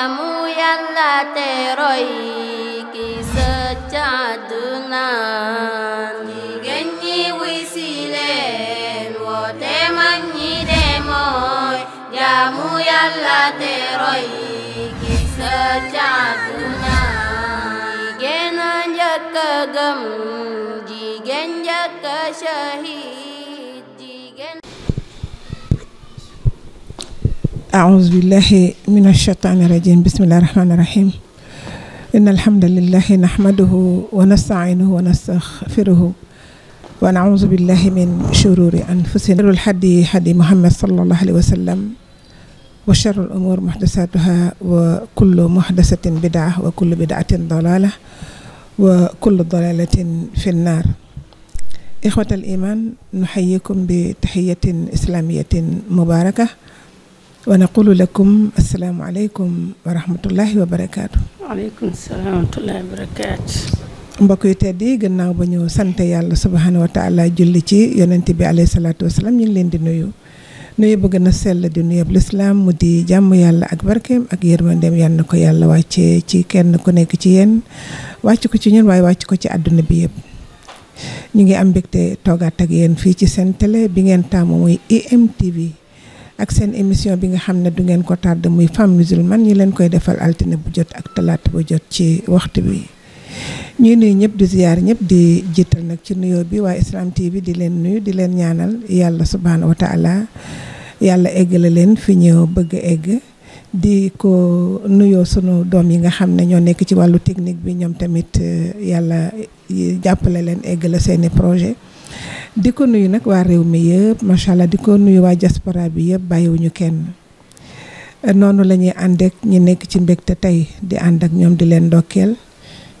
kamu yalla te roy ki sa chaduna ni genni wisilen wo te manni de moy yamu yalla te roy ki sa chaduna gena jakagam jigen shahi أعوذ بالله من الشيطان الرجيم بسم الله الرحمن الرحيم إن الحمد لله نحمده ونستعينه ونستغفره ونعوذ بالله من شرور أنفسنا شر الحدي حدي محمد صلى الله عليه وسلم وشر الأمور محدثاتها وكل محدثة بدعة وكل بدعة ضلالة وكل ضلالة في النار إخوة الإيمان نحييكم بتحية إسلامية مباركة wa naqulu lakum assalaamu aleykum wa rahmatullahi wa barakaatu. waaleykum mbokk yu tedd yi gannaaw ba ñu sant yàlla subhaanahu wa taala julli ci yonent bi alayhi salaatu wa salaam ñu leen di nuyu. nuyu bu gën a sell di nuyab lislaam mu di jàmm yàlla ak barkeem ak yërmandeem yal na ko yàlla wàccee ci kenn ku nekk ci yéen wàcc ko ci ñun wàcc ko ci àdduna bi yëpp. ñu ngi am mbégte toogaat ak yéen fii ci seen télé bi ngeen taamu muy IMTV. ak seen émission bi nga xam ne du ngeen ko tàdd muy femme musulmane ñi leen koy defal altine bu jot ak talaata bu jot ci waxtu bi ñuy nuy ñëpp di ziyaar ñëpp di jiital nag ci nuyoo bi waa Islam TV di leen nuyu di leen ñaanal yàlla subhaana wa taala yàlla eggale leen fi ñu bëgg egg di ko nuyoo sunu doom yi nga xam ne ñoo nekk ci wàllu technique bi ñoom tamit eh, yàlla jàppale leen eggale seeni projet di ko nuyu nag waa réew mi yëpp macha allah di ko nuyu waa diaspora bi yëpp bàyyiwuñu kenn eh, noonu lañuy ñuy ànd ñi nekk ci mbégte tey di ànd ak ñoom di leen ndokkeel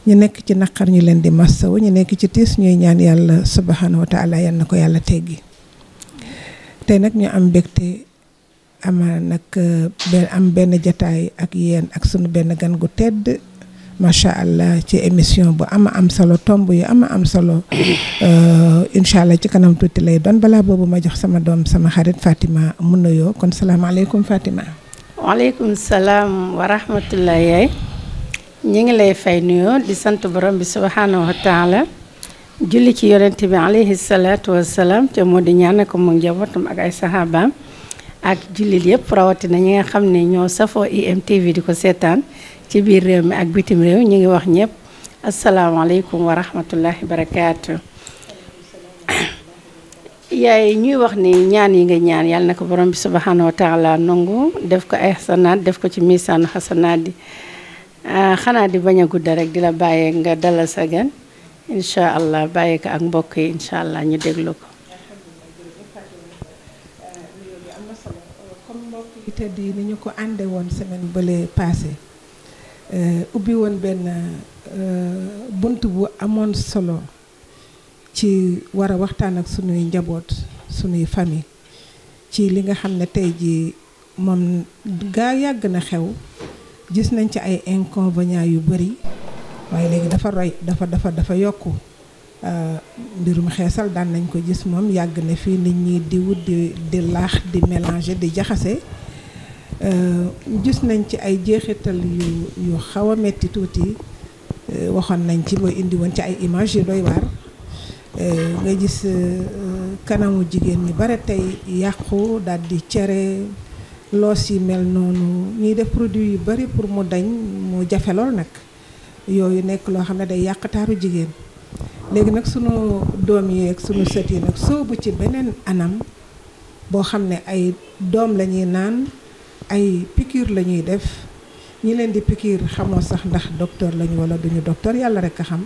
ñu nekk ci naqar ñu leen di massaw ñu nekk ci tiis ñuy ñaan yàlla subhanahu wa taala yal na ko yàlla teggi tey nag ñu am mbégte ama nag eh, am benn jataay ak yéen ak sunu benn gan gu tedd macha allah ci émission bu ama am solo tomb yu ama am solo euh, incha allah ci kanam tuuti lay ban balaa boobu ma jox sama doom sama xarit Fatima mu nuyoo kon salaamaaleykum Fatima. waaleykum salaam wa rahmatullah ñu ngi lay fay nuyoo di sant borom bi subhaanahu wa taala julli ci yonent bi alayhi salaatu wa salaam te moo di ñaan ko mu njabootam ak ay saxaabaam ak jullit yëpp rawatina ñi nga xam ne ñoo safoo IMTV di ko seetaan. ci biir réew mi ak bitim réew ñu ngi wax ñëpp asalaamaaleykum wa rahmatullahi barakaatu yaay ñuy wax ni ñaan yi nga ñaan yàlla na ko borom bi subhanahu wa taala nangu def ko ay xasanaat def ko ci misaanu xasanaat di ah, xanaa di bañ gudda rek di la nga dalal sa gan insha allah bàyyi ko ak mbokk yi insha allah ñu déglu ko di ah, ni ñu ko ànde woon semaine bële passé Euh, ubbi woon benn euh, bunt bu amoon solo ci war a waxtaan ak sunuy njaboot sunuy famille ci li nga xam ne tey jii moom gaa yàgg na xew gis nañ ci ay inconvénients yu bari waaye léegi dafa roy dafa dafa dafa yokku euh, mbirum xeesal daan nañ ko gis moom yàgg na fii nit ñi di wut di laax di mélanger di jaxase Euh, gis nañ ci ay jeexital yu yu xaw a metti tuuti euh, waxoon nañ ci mooy indi woon ci ay image yu doy waar euh, nga gis kanamu jigéen ñi bare tey yàqu daal di cere loos yi mel noonu ñuy def produit yu bari pour mu dañ mu jafe lool nag yooyu nekk loo xam ne day yàq taaru jigéen léegi nag sunu doom yi ak sunu sët yi nag soobu ci beneen anam boo xam ne ay doom lañuy naan ay pikiir la ñuy def ñi leen di piqûre xamoo sax ndax docteur lañu wala duñu docteur yàlla rek a xam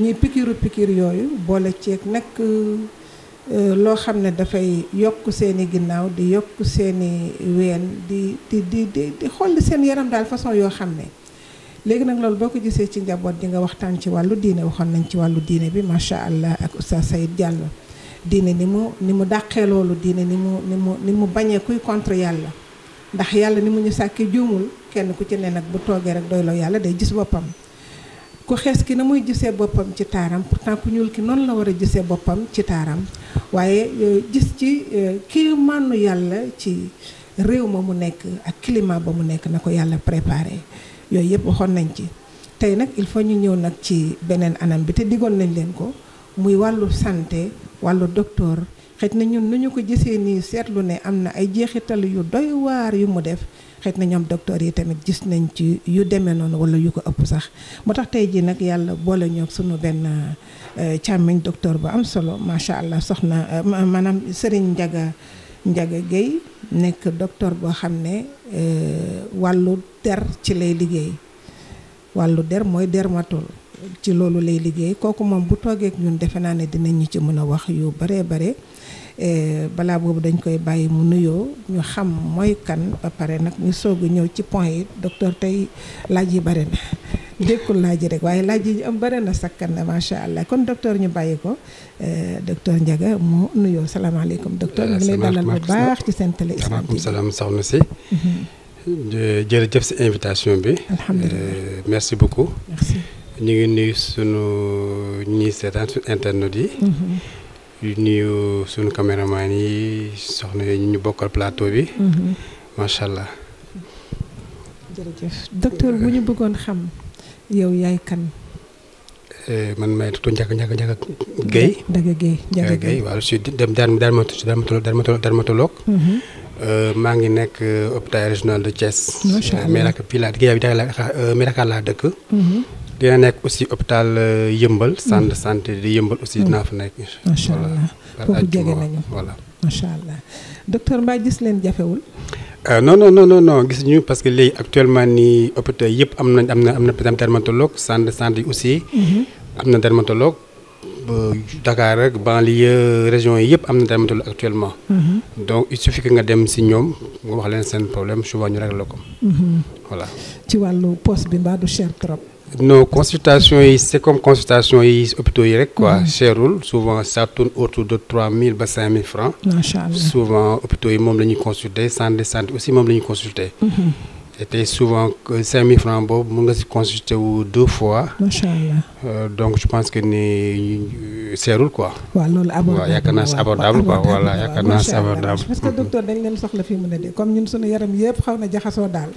ñuy piqûre piqûre yooyu boole ceeg nag euh, loo xam ne dafay yokk seeni ginnaaw di yokk seeni ween di di di di di xool seen yaram daal façon yoo xam ne léegi nag loolu boo ko gisee ci njaboot di nga waxtaan ci wàllu diine waxoon nañ ci wàllu diine bi macha allah ak oustaz Sayid Diallo diine ni mu ni mu dàqee loolu diine ni mu ni mu ni mu bañee kuy contre yàlla. ndax yàlla ni mu ñu sàkkee juumul kenn ku ci ne nag bu toogee rek doyloo yàlla day gis boppam ku xees ki na muy gisee boppam ci taaram pourtant ku ñuul ki noonu la war a gisee boppam ci taaram waaye euh, gis ci euh, kii mànnu yàlla ci réew ma mu nekk ak climat ba mu nekk na ko yàlla préparé yooyu yëpp waxoon nañ ci tey nag il faut ñu ñëw nag ci beneen anam bi te diggoon nañ leen ko muy wàllu santé wàllu docteur xëj na ñun nu ñu ko gisee nii seetlu ne am na ay jeexital yu doy waar yu mu def xëj na ñoom docteur yi tamit gis nañ ci yu demee noonu wala yu ko ëpp sax moo tax tey jii nag yàlla boole ñoo sunu benn euh, càmmiñ docteur bu am solo macha allah soxna euh, maanaam Serigne Ndiaga Ndiaga géey nekk docteur boo xam ne euh, wàllu der ci lay liggéey wàllu der mooy dermatol ci loolu lay liggéey kooku moom bu toogeek ñun defe naa ne dinañ ñu ci mën a wax yu bare bare Eh, balaa boobu dañ koy bàyyi mu nuyoo ñu xam mooy kan ba pare nag ñu soog ñëw ci point yi docteur tey laaj yi bare na dékkul laaj rek waaye laaj yi ñu am bare na sakkan macha allah kon docteur ñu bàyyi ko eh, docteur Ndiaga mu nuyoo salaamaaleykum docteur ñu ngi lay dalal bu baax ci seen télé Islam TV salaam soxna mhm. si invitation bi alhamdulilah eh, merci beaucoup ñu ngi nuyu sunu ñi seetaan suñu internet yi mhm. di nuyu suñu caméraman yi soxna yi ñu bokkal plateau bi mhm. macha allah jërëjëf docteur bu ñu bëggoon xam yow yaay kan eh, man may tutu njaka njaka njaka gay jaga gay njaka gay waaw je suis dermatologue mhm. eh, maa ngi nekk euh, hôpital régional de Thiès mais nag fii laa liggéey bi daal laa dëkk mhm. dina nek aussi hôpital euh, yëmbal mm. centre de santé de yëmbal aussi dina mm. fa nekk macha allah voilà macha docteur Mbaye gis leen jafewul euh, non non non non non gis ñu parce que léegi actuellement ni hôpital yépp am nañ am na am na dermatologue centre de santé aussi mm-hmm. am na dermatologue Dakar rek banlieue région yi yëpp am na dermatologue actuellement mm-hmm. donc il suffit que nga dem si ñoom wax leen seen problème souvent ñu réglé ko mm-hmm. voilà ci wàllu poste bi mbaa du cher trop nos consultations, c'est comme consultations et hôpitaux mhm. Chez Roule, souvent, ça tourne autour de 3 000 à 5 000 francs. Souvent, souvent, hôpitaux, ils m'ont consulter centre de aussi, consultés. consulter mhm était souvent 5000 francs bob mun nga si consulter deux fois. macha allah euh, donc je pense que ni euh, seerul quoi. waaw loolu abordable waaw yaakaar abordable quoi voilà yaakaar naa si abordable. parce que docteur dañ leen soxla fi mu ne de comme ñun suñu yaram yëpp xawna na dal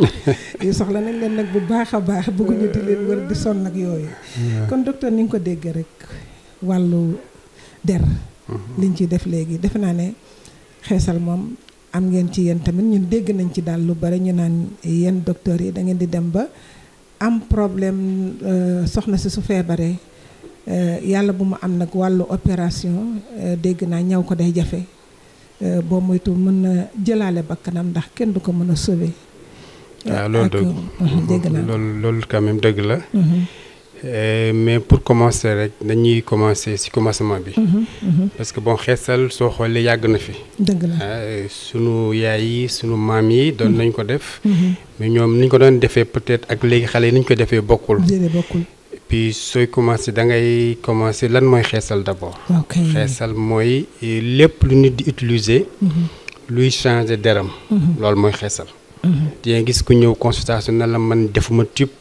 daal soxla nañ leen nak bu baax a baax bëgguñu di leen wër di son ak yoy kon docteur ni nga ko dégg rek walu der. Mhm. liñ ci def légui def na né xéssal mom am ngeen ci yéen tamit ñun dégg nañ ci daal lu bari ñu naan yenn docteurs yi da ngeen di dem ba am problème euh, soxna si su feebaree euh, yàlla bu mu am nag wàllu opération euh, dégg naa ñaw ko day jafe boo moytu mën na jëlaale bakkanam ndax kenn du ko mën a sauver. waaw ah, loolu dëgg dégg naa loolu loolu dëgg la. Mm-hmm. Eh, mais pour commencer rek dañuy commencer ci commencement bi. Mhm, mhm. parce que bon xeesal so xolé yag na fi. deug la ah, eh, sunu yaay yi sunu maam yi doon mhm. nañ ko def. mais ñom niñ ko doon defee peut-être ak légui xalé niñ ko ñu bokul defee bokul puis soy commencer da ngay commencer lan moy xeesal d'abord. xeesal moy eh, lepp lu nit di utiliser. luy changer deram. lool moy xeesal. dinga gis ku ñëw consultation na la man defuma type.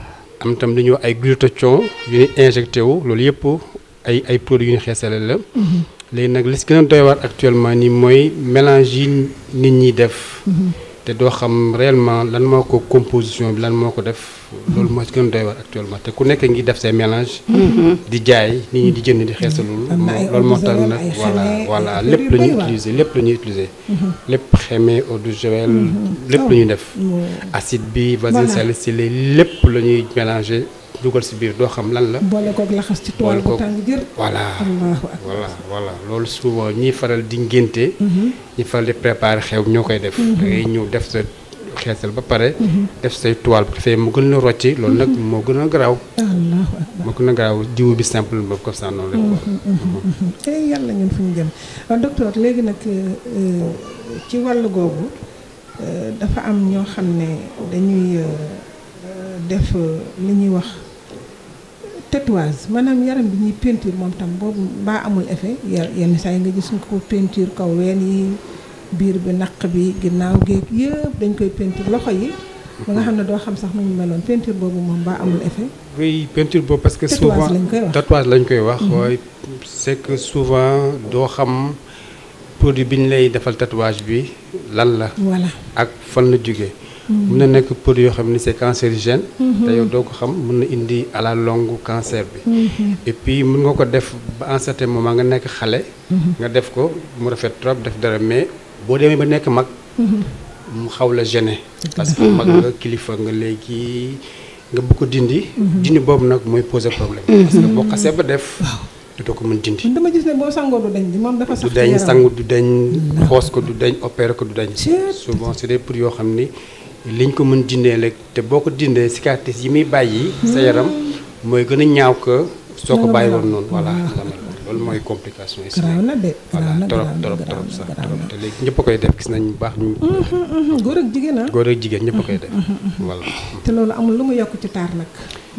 am tam dañu ay glutathion yu ñuy injecté wu loolu yëpp ay ay produits yu ñu xeesale la. Mhm. léegi nag li si gën a doy waar actuellement ni mooy mélange yi nit ñi def. Mhm te do xam réellement lan moko composition bi lan moo def loolu moo ci gën doy war actuellement te ku nekk ngi def say mélanges mm-hmm. di jaay ni ñi di jënd di xeesalul loolu moo tax nak voilà voilà lepp la utiliser lepp la utiliser lépp xeme mm-hmm. au de javel mm-hmm. lépp la oh. def acide bi vaseline salicylée lépp la ñuy mélanger dugal si biir doo xam lan la. boole koog laxas ci tool bu tàng jër. voilà voilà voilà loolu souvent ñiy faral di ngénte. Mhm. ñi faral di préparer xew ñoo koy def. Mhm. da ngay ñëw def sa xeesal ba pare. Mhm. def say toile bu defee mu gën a rocci moo gën a garaaw. moo gën a garaaw jiwu bi simple boobu ko ça noonu rek. tey yàlla ñun fu ñu jëm euh, docteur léegi nag euh, euh, ci wàllu googu dafa am ñoo xam ne dañuy def li ñuy wax. tatouage manam yaram bi ni peinture mom tam bobu ba amul effet yenn say nga gis ko peinture kaw ween yi bir bi nak bi ginaaw geek yëpp dañ koy peinture loxo yi ba nga xam do xam sax nu meloon peinture bobu mom ba amul effet. oui peinture bobu parce que souvent tatouage lañ koy wax mhm. c'est que souvent do xam produit biñ lay defal tatouage bi lan la. voilà ak fan la jógee. mun na nekk për yoo xam ni c' est cancérigène. Mhm. te yow doo ko xam mun na indi à la longue cancer bi. Mhm. et puis mun nga ko def ba en certain moment nga nekk xale. Mhm. nga def ko mu rafet trop def dara mais boo demee ba nekk mag. mu xaw la gêné. parce que mag nga kilifa nga léegi nga bëgg ko dindi. dindi boobu nag mooy poser problème. parce que boo xasee ba def. doo ko mën dindi. dama gis ne boo sangoo du dañ moom dafa sax du dañ sangu du dañ xoos ko du dañ opérer ko du dañ. souvent c' est des pour yoo xam ni. liñ ko mën dindee rek te boo ko dindee cicatrices yi muy bàyyi sa yaram mooy gën a ñaaw ko soo ko bàyyi woon noonu voilà mm-hmm. loolu mooy complication yi voilà trop trop trop sax trop te léegi ñëpp koy def gis nañ bu baax ñu mm-hmm, mm-hmm. góor ak jigéen ah? góor ak jigéen ñëpp koy def voilà te loolu amul lu ma yokk ci taar nag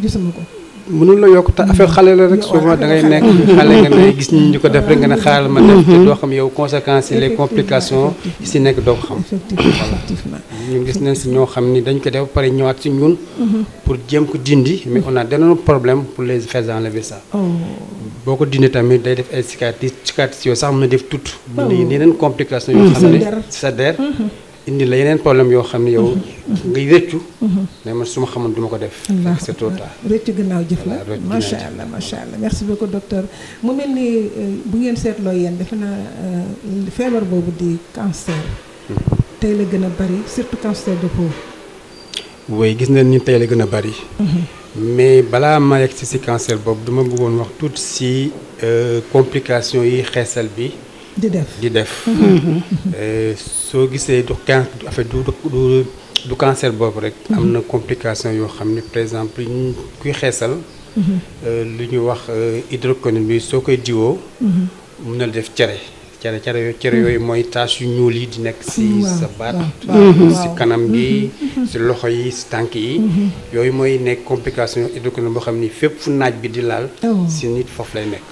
gisuma ko mënul la yokk te affaire xale la rek souvent da ngay nekk xale nga ne gis ñu ko def rek nga ne xaaral ma def te doo xam yow conséquences yi les complications yi si nekk doo ko xam voilà ñu gis ne si ñoo xam ni dañ ko def pare ñëwaat si ñun pour jëm ko dindi mais on a d'énormes problème pour les faire enlever ça oh. boo ko dindi tamit day def ay cicatrices cicatrices yooyu sax mën def tout mu oh. ne yeneen complications yoo xam ne sa der mm-hmm indi la yeneen problème yoo xam ne yow. ngay rëccu. mais man su ma xamoon du ma ko def. c'est trop tard rëccu gannaaw jëf la macha allah macha allah merci beaucoup docteur mu mel ni euh, bu ngeen seetloo yéen defe naa euh, feebar boobu di cancer. Hmm. tey la gën a bari surtout cancer de peau. oui gis nañ ni tey la gën a bari. Hmm. mais balaa ma yegg si si cancer boobu dama bëggoon wax tuuti si euh, complication yi xeesal bi di def di def. Mm-hmm. Eh, soo gisee du can affaire du du du cancer boobu rek. am mm-hmm. na complication yoo xam ne par exemple ñu kuy xeesal. Mm-hmm. Eh, lu ñuy wax eh, hydroquinone bi soo koy diwoo. mun na def cere. cere cere yooyu cere yooyu mooy tache yu ñuul yi di nekk si sa baat. si kanam bi si loxo yi si tànk yi. yooyu mooy nekk complication hydroquinone boo xam ni fépp fu naaj bi di laal. Oh. si nit foofu lay nekk.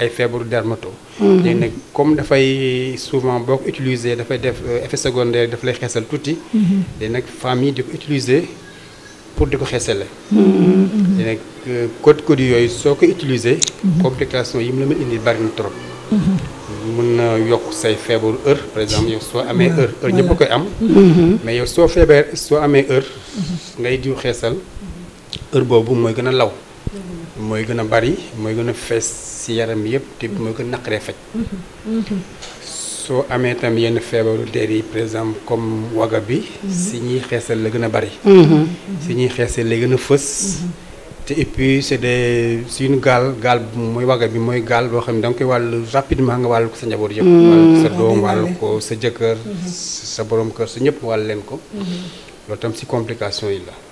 ay feebaru dermato. léegi nag comme da fay souvent boo utiliser da fay def euh, effet secondaire daf lay xeesal touti léegi nag femmes diko utiliser pour diko ko xeesale. léegi euh, code code yoy soko utiliser. complication yim la ma indi bari trop. mën na yokk say feebaru heure par exemple yow so amé heure heure ñepp koy am. mais yow so feebar so amé heure. ngay diw xeesal heure bobu moy gëna law. mooy gën a bari mooy gën a fees ci yaram yëpp te mooy gën a naqaree faj. soo amee tam yenn feebaru der yi par exemple comme waga bi. si ñuy xeesal la gën a bari. si ñuy xeesal la gën a fës. te et puis c'est des suñu gaal gaal mooy wagga bi mooy gaal boo xam ne da nga koy wàllu rapidement nga wàllu ko sa njaboot yëpp. Mm-hmm. wàllu ko sa doom wàllu ko sa jëkkër. Mm-hmm. sa boroom kër sa ñëpp wàll leen ko. Mm-hmm. loolu tam ci complication yi la.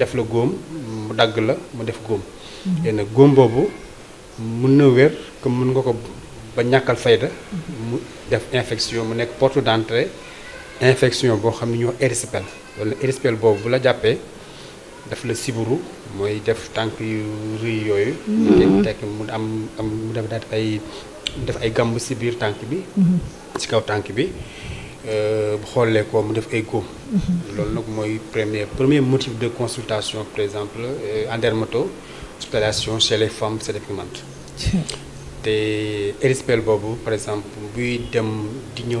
def la góom mu dagg la mu def góom léegi góom boobu mun na wér que mun nga ko ba ñàkkal fayda mu def infection mu nekk porte d'entrée infection boo xam ne ñoo érysipèle wala érysipèle boobu bu la jàppee daf la siburu mooy def tànk yu rëy yooyu mm-hmm. tekk mu am am mu def daat ay def ay gàmb si biir tànk bi ci mm-hmm. kaw tànk bi Euh, xoolee ko mu def mhm. premier premier motif de consultation par exemple euh, en chez les femmes te Erispel par exemple buy dem di ñëw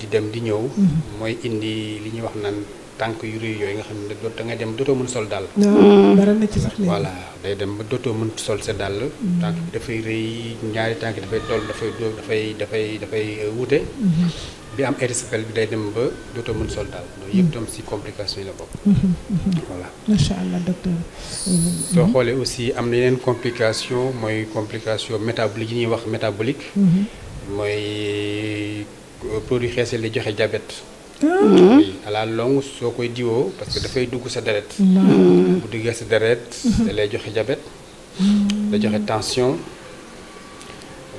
di dem mhm. indi li wax nga ne da dem sol ah, mhm. voilà day dem Bien, am RSPL bi day dem ba dootoo mën sol daal loolu yëpp tam si complication yi la bokk. Mhm, mhm, mhm. voilà macha allah docteur. soo xoolee aussi am na yeneen complication mooy complication métabolique yi ñuy wax métabolique. mooy euh, produit xeesal di joxe diabète. Ah. à la longue soo koy diwoo parce que dafay dugg sa deret. bu duggee sa deret. da lay joxe diabète. Mm. da joxe tension.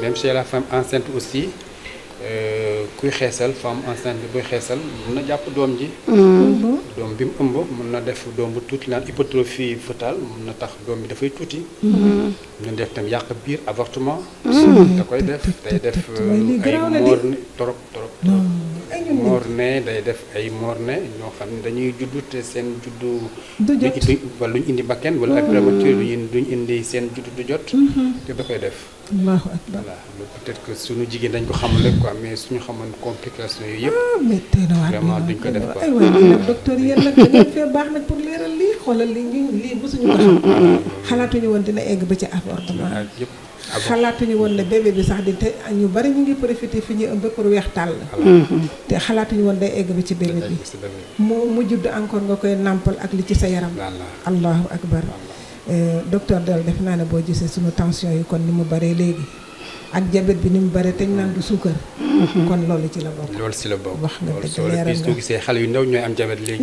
même chez la femme enceinte aussi euh, kuy xeesal femme enceinte bu xéssal xeesal japp dom ji. Mhm. dom bi mu ëmb mun def doom bu tuuti naan hypertrophie fœtale mun tax dom bi da fay touti mhm. na def tam yàq bir avortement. Mhm. da koy def day def euh, ay morne torop torop morne day def ay morne ñoo xam dañuy juddu te seen juddu. du jot wala ñu indi bakken wala ay prématuré duñ indi sen juddu du jot. té da koy def. allahu akbar voilà peut-être suñu jigéen dañ ko xamul rek quoi mais suñu xamoon complication yooyu yëpp. Ah, métti na waat vraiment duñ ko def quoi ay waay nag docteur yéen nag da ngeen fee baax nag pour leeral lii lii ñu lii mosuñu ko xam. xalaatuñu woon dina egg ba ci avortement. yëpp xalaatuñu woon ne bébé bi sax di te ñu bari ñu ngi profité fi ñuy ëmb pour weex tàll. te xalaatuñu woon day egg ba ci bébé bi. mu mu judd encore nga koy nàmpal ak li ci sa yaram. allahu akbar Euh, docteur Dal def naa ne boo gisee suñu tension yi kon ni mu baree léegi ak jabet bi ni mu bare te ñu naan du suukar. kon loolu ci la bokk. loolu ci la bokk wax nga dëgg leeral nga soo gisee xale yu ndaw ñooy am jabet léegi.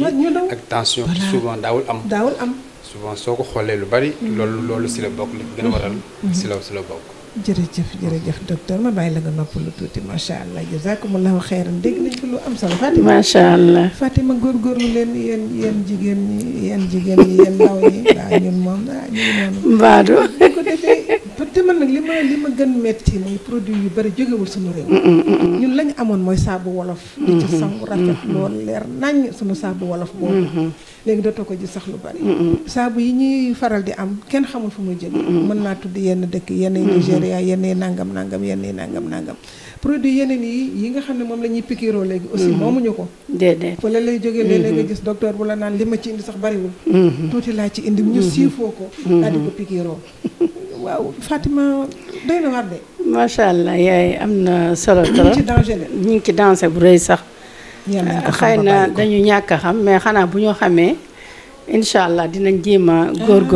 ak tension souvent daawul am. daawul am souvent soo ko xoolee lu bari. Mm-hmm. loolu loolu ci la bokk li gën a waral. Mm-hmm. ci la la bokk. jërëjëf jërëjëf docteur ma bàyyi la nga noppalu tuuti macha allah jazakumullahu xeyran dégg nañ ko lu am solo Fatima macha allah Fatima góorgóorlu leen yéen yéen jigéen ñi yéen jigéen ñi yéen ndaw ñi waaw ñun moom ah ñu ngi noonu. Mbadou ko defee te man nag li ma li ma gën metti mooy produit yu bari jógewul suñu réew. Mm, mm, mm, ñun lañu amoon mooy saabu wolof. di ci sangu rafet lool leer nañ suñu saabu wolof boobu. léegi dootoo ko ji sax lu bari. saabu yi ñuy faral di am kenn xamul fu muy jël. mën naa tudd yenn dëkk yenn Nigéria yenn nangam nangam yenn nangam nangam. produit yeneen yi yi nga xam ne moom la ñuy pikiroo léegi aussi moomuñu ko déedéet fa la lay jógee léeg nga gis docteur bu la naan li ma ci indi sax bariwul tuuti laa ci indi ñu siifoo ko daal di ko pikiroo waaw Fatima doy na macha allah yaay am na solo trop ñu ngi ci danger bu rëy sax. xay na dañu ñàkk a xam mais xanaa bu ñu xamee. incha allah dinañ jéem a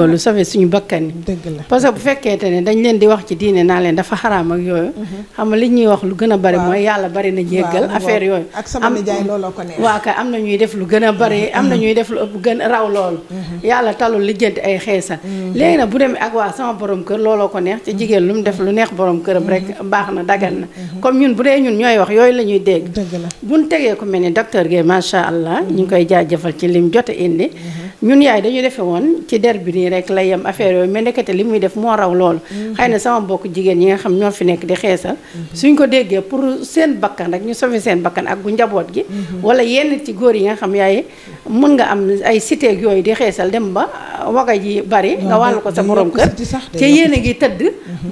lu sauver suñu bakkan yi. dëgg la parce que bu fekkente ne dañ leen di wax ci diine naa leen dafa xaraam ak yooyu. Mhm. xam nga li ñuy wax lu gën a bari mooy yàlla bari na jéggal affaire yooyu. ak sama nijaay looloo ko neex. waaw kay am na ñuy def lu gën a bari am na mhm. ñuy def lu ëpp gën raw loolu. Mhm. yàlla talul lijjanti ay xeesal. léegi nag bu demee ak waa sama borom kër looloo ko neex. ci jigéen lu mu def lu neex borom këram rek baax na dagal na. comme ñun bu dee ñun ñooy wax yooyu la ñuy dégg. dëgg la bu ñu tegee ko mel ni docteur Guèye macha allah ñu ngi koy jaajëfal ci lim jot indi ñun yaay dañu defe woon ci der bi nii rek lay yem affaire yooyu mais ndekete li muy def moo raw loolu mm-hmm. xëy na sama mbokk jigéen ñi nga xam ñoo fi nekk di xeesal mm-hmm. suñ ko déggee pour seen bakkan rek ñu sofi seen bakkan ak bu njaboot gi mm-hmm. wala yenn ci góor yi nga xam yaay mën nga am ay cité yooyu di xeesal dem ba waga ji bari nga wàllu ko sa borom kër te yéen a ngi tëdd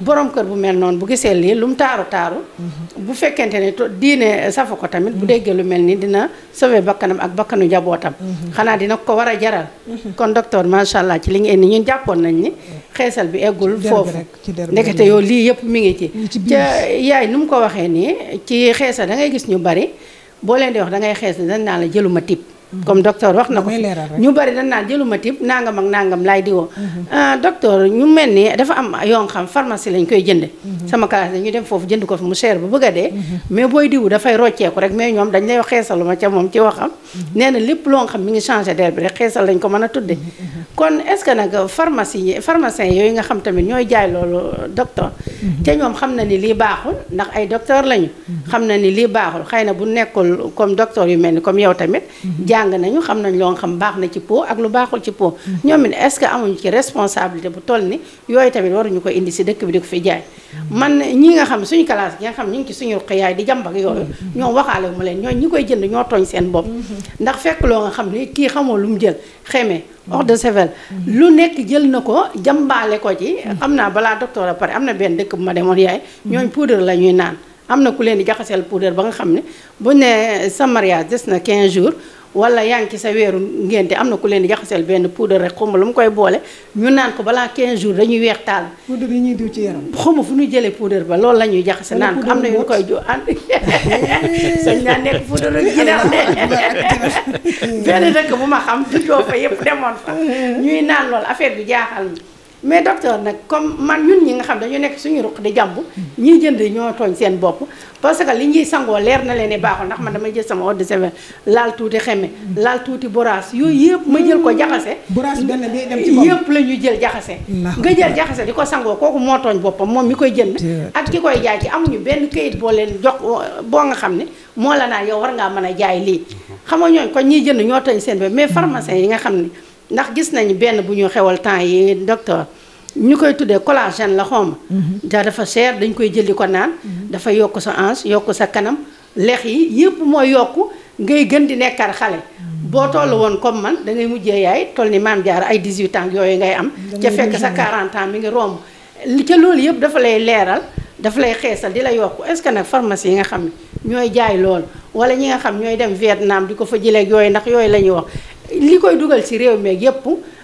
borom kër bu mel noonu bu gisee lii lu mu taaru taaru bu fekkente ne diine safa ko tamit bu déggee lu mel ni dina sauver bakkanam ak bakkanu njabootam xanaa dina ko war a jaral kon docteur macha allah ci li ngeen ni ñun jàppoon nañ ni xeesal bi eggul foofu ndekete yow lii yëpp mi ngi ci ca yaay nu mu ko waxee nii ci xeesal da ngay gis ñu bari boo leen di wax da ngay xeesal dañ naa la jëluma tip comme docteur wax na ko ñu bari dañ naan jëluma tib nangam ak nangam laay diwoo mhm. ah, docteur ñu mel ni dafa am yoo xam pharmacie lañ koy jënde mhm. sama classe ñu dem foofu jënd ko fi mu cher bu bëgg a dee mhm. booy diwu dafay rocceeku rek mais ñoom dañ lay xeesalu ma ca moom ci waxam nee na lépp loo xam mi ngi changé der bi rek xeesal lañ ko mën a tudde kon est ce que nag pharmacie pharmacien yooyu nga xam tamit ñooy jaay loolu docteur te ñoom xam na ni lii baaxul ndax ay docteur lañu xam na ni lii baaxul xëy na bu nekkul comme docteur yu mel ni comme yow tamit jàng nañu xam nañ loo xam baax na ci po ak lu baaxul ci po ñoom it est-ce que amuñu ci responsabilité bu toll ni yooyu tamit waruñu ko indi si dëkk bi di ko fi jaay man ñi nga xam suñu classe gi nga xam ñu ngi ci suñu ruq yaay di jàmb ak yooyu ñoom waxaale mu leen ñooñu ñi koy jënd ñoo tooñ seen bopp ndax fekk loo nga xam ni kii xamoo lu mu jël xeme hors de sevel lu nekk jël na ko jàmbaale ko ci am naa balaa docteur a pare am na benn dëkk bu ma demoon yaay ñooñ poudre la ñuy naan am na ku leen di jaxaseel poudre ba nga xam ne bu ne sa mariage des na quinze jours wala yaa ngi ci sa weeru ngénte am na ku leen di jaxaseel benn poudre rek xawma lu mu koy boole ñu naan ko balaa 15 jours dañuy weex taal. poudre yi ñuy diw ci yaram. xawma fu ñuy jëlee poudre ba loolu la ñuy jaxase naan ko am na ñu koy jo ànd. sañ naa nekk poudre rek ginnaaw de benn dëkk bu ma xam du joo fa yëpp demoon fa ñuy naan loolu affaire bi jaaxal na. mais docteur nag comme man ñun ñi nga xam dañu nekk suñu ruq di jàmbu ñiy jënd ñoo tooñ seen bopp parce que li ñuy sangoo leer na leen ne baaxul ndax man damay jël sama eau de javel laal tuuti xeme laal tuuti boraas yooyu yëpp ma jël ko jaxase boraas benn bi dem ci bopp yëpp la ñu jël jaxase nga jël jaxase di ko sangoo kooku moo tooñ boppam moom mi koy jënd ak ki koy jaay ci amuñu benn kayit boo leen jox boo nga xam ni moo la naa yow war ngaa mën a jaay lii xam nga ñooñ ko ñiy jënd ñoo tooñ seen bopp mais pharmacien yi nga xam ne ndax gis nañu benn bu ñu xewal temps yi docteur ñu koy tuddee collagène la xawma da mhm. dafa cher dañ koy jël di ko naan mhm. dafa yokk sa hanche yokk sa kanam lex yi yëpp mooy yokk ngay gën di nekkar xale mhm. boo toll woon comme man da ngay mujjee yaay toll ni maam jaar ay 18 ans yooyu ngay am ca fekk sa 40 ans mi ngi romb ca loolu yëpp dafa lay leeral dafa lay xeesal di la yokku est ce que nag pharmacie yi nga xam ne ñooy jaay lool wala ñi nga xam ñooy dem Vietnam di ko fa jëlee ak yooyu ndax yooyu la ñuy wax li koy dugal ci réew meeg yëpp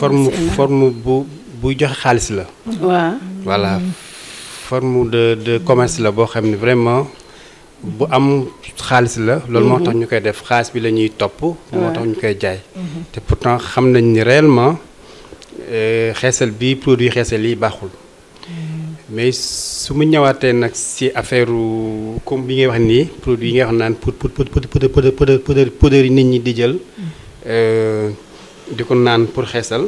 forme forme bu bu la. voilà forme de de commerce la bo vraiment bu am la. def bi pourtant ni réellement produit mais comme bi wax produit yi nga pour pour pour pour pour di ko naan pour xeesal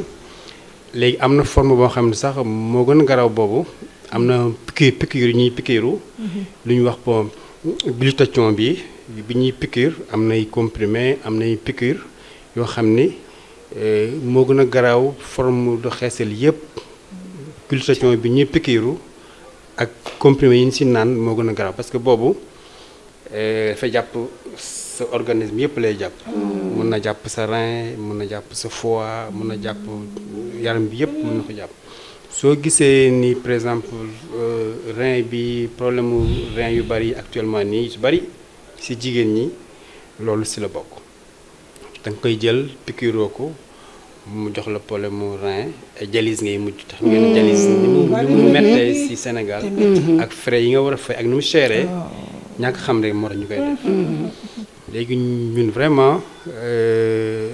léegi am na forme boo xam ne sax moo gën a garaw boobu am na piqûre pikiir yu ñuy piqûru mhm. lu ñu wax po glutathion bi bi ñuy piqûre am nay comprimé am nay piqûre yoo xam ni eh, moo gën a garaaw forme de xeesal yëpp glutathion bi ñuy pikiiru ak comprimer yi ñu si naan moo gën a garaaw parce que boobu eh, dafa jàpp sa organisme yépp lay japp mën hmm. na japp sa rein mën na japp sa foie mën na japp yaram bi yépp mën na ko japp soo gisee ni par exemple euh, rein bi problème rein yu bari actuellement nii yu bari si jigéen ñi loolu si la bokk da koy jël piqûroo ko mu jox la problème mu rein ay dialyse ngay mujj tax ngeen hmm. dialyse ni mu ni mu mettee si Sénégal ak frais yi nga war a fay ak ni mu chéré oh. ñàkk xam rek moo tax ñu koy def hmm. léegi ñun vraiment euh,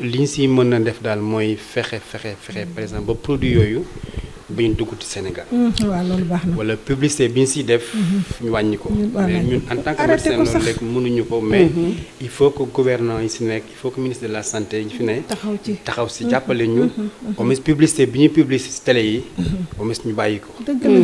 li ñu si mën na def daal mooy fexe fexe fexe par exemple ba produit yooyu bu ñu dugg ci Sénégal. Hum, waaw loolu baax na wala publicité bi ñu def. Hum, hum. ñu wàññi ko. mais ñun en tant que médecin loolu rek mënuñu ko mais. il faut que gouvernement yi si nekk il faut que ministre de la santé yi fi ne. taxaw ci taxaw si jàppale ñu. au moins publicité bi ñuy publicité télé yi. au moins ñu bàyyi ko. dëgg la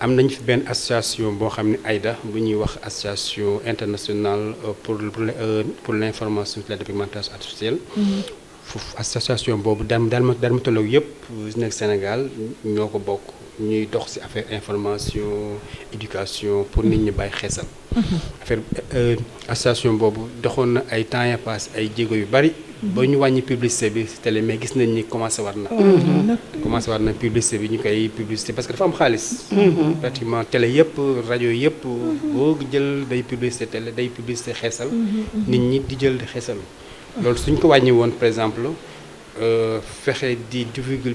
am nañ fi ben association bo xamni ne AIDA bu ñuy wax association internationale euh, pour euh, pour l'information sur la dépigmentation artificielle mm-hmm. foofu association boobu dermatologue yëpp nekk Sénégal ñoko bok ñuy dox ci affaire information éducation pour nit ñi bàyyi xeesal mm-hmm. affaire euh, association bobu doxoon ay temps ya passe ay djégo yu bari Bonjour publicité bi si télé mais gis nañ ni commencé mm-hmm. commencé publicité publicité parce que dafa am mm-hmm. pratiquement télé mm-hmm. publicité télé day publicité xeesal. nit ñi di jël par exemple euh, di divulguer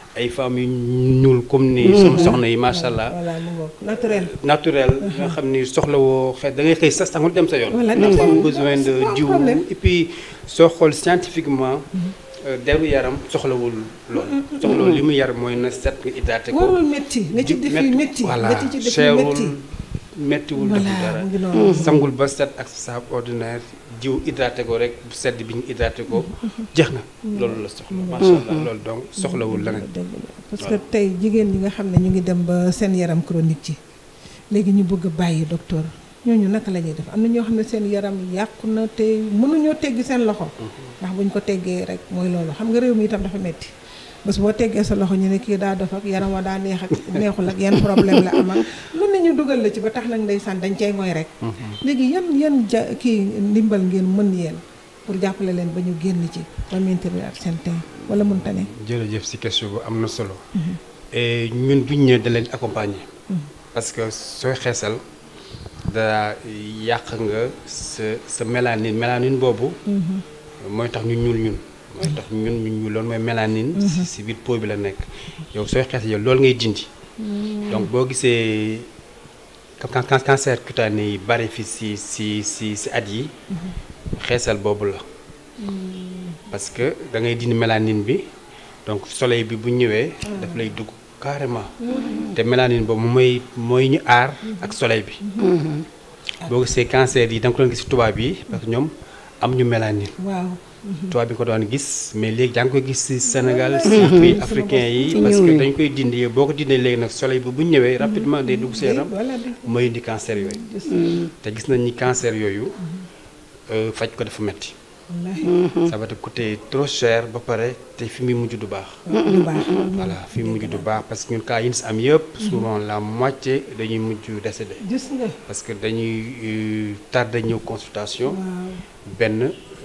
ay femmes nous comme ni. Mhm. sama soxna yi naturel naturel. nga xamni da ngay sa sangul dem sa yoon. besoin de diou. et puis sur nous, scientifiquement. Mhm. Euh, deru yaram soxlawul nous, mhm, li yar nous, na set ko. warul ci mettiwul deful dara mm-hmm. sangul ba set ak saabu ordinaire jiw hydraté ko rek sedd bi ñu hydraté ko mm-hmm. jeex na mm-hmm. loolu la soxla macha allah donc soxlawul leneen parce que tey jigéen ñi nga xam ne ñu ngi dem ba seen yaram chronique yi léegi ñu bëgg bàyyi docteur ñooñu naka la ñuy def am na ñoo xam ne seen yaram yàqu na te mënuñoo teggi seen loxo ndax buñ ko teggee rek mooy loolu xam nga réew mi itam dafa metti bés bo teggee sa loxo ñu ne ki da def ak yaram wa da neex ak neexul ak yeen problème la am ak lu ne ñu duggal la ci ba tax nag ndeysaan dañ cey mooy rek mm-hmm. léegi yeen yeen ki ndimbal ngeen mën yeen pour jappalé len ba ñu génn ci ba maintenir ak seen tey wala mën tané jëre jëf ci question bu amna solo mm-hmm. et ñun duñ ne da leen accompagner mm-hmm. parce que soy xéssal da yaq nga ce ce mélanine mélanine boobu moy tax ñun ñul ñun ndax ñun ñu loolu mooy mélanine. Mhm. si biir peau bi la nekk yow sooy xees yow loolu ngay dindi. Mm. donc boo gisee cancer cutané yi bari fi si si si si at yi mhm. xeesal boobu la. Mm. parce que da ngay dindi mélanine bi donc soleil bi bu ñëwee. Ah. daf lay dugg carrément. Mm-hmm. te mélanine boobu mooy mooy ñu aar mm-hmm. ak soleil bi. Mm-hmm. boo gisee cancer yi da nga ko doon gis tubaab yi parce que ñoom am ñu mélanine. waaw tubaab bi ko doon gis mais léegi daa ngi koy gis si mm-hmm. Sénégal si pays africain yi parce que dañ koy dindi boo ko dindee léegi nag soleil bi bu ñu ñëwee rapidement day dugg sa yaram mooy indi cancer yooyu mm-hmm. te gis nañ ni cancer yooyu mm-hmm. euh, faj ko dafa metti ça va te coûter trop cher ba pare te fi muy mujj du baax. voilà fi muy mujj du baax parce que ñun cas yi am yëpp. souvent la moitié dañuy mujj décédé. parce que dañuy euh, tardé ñëw consultation benn.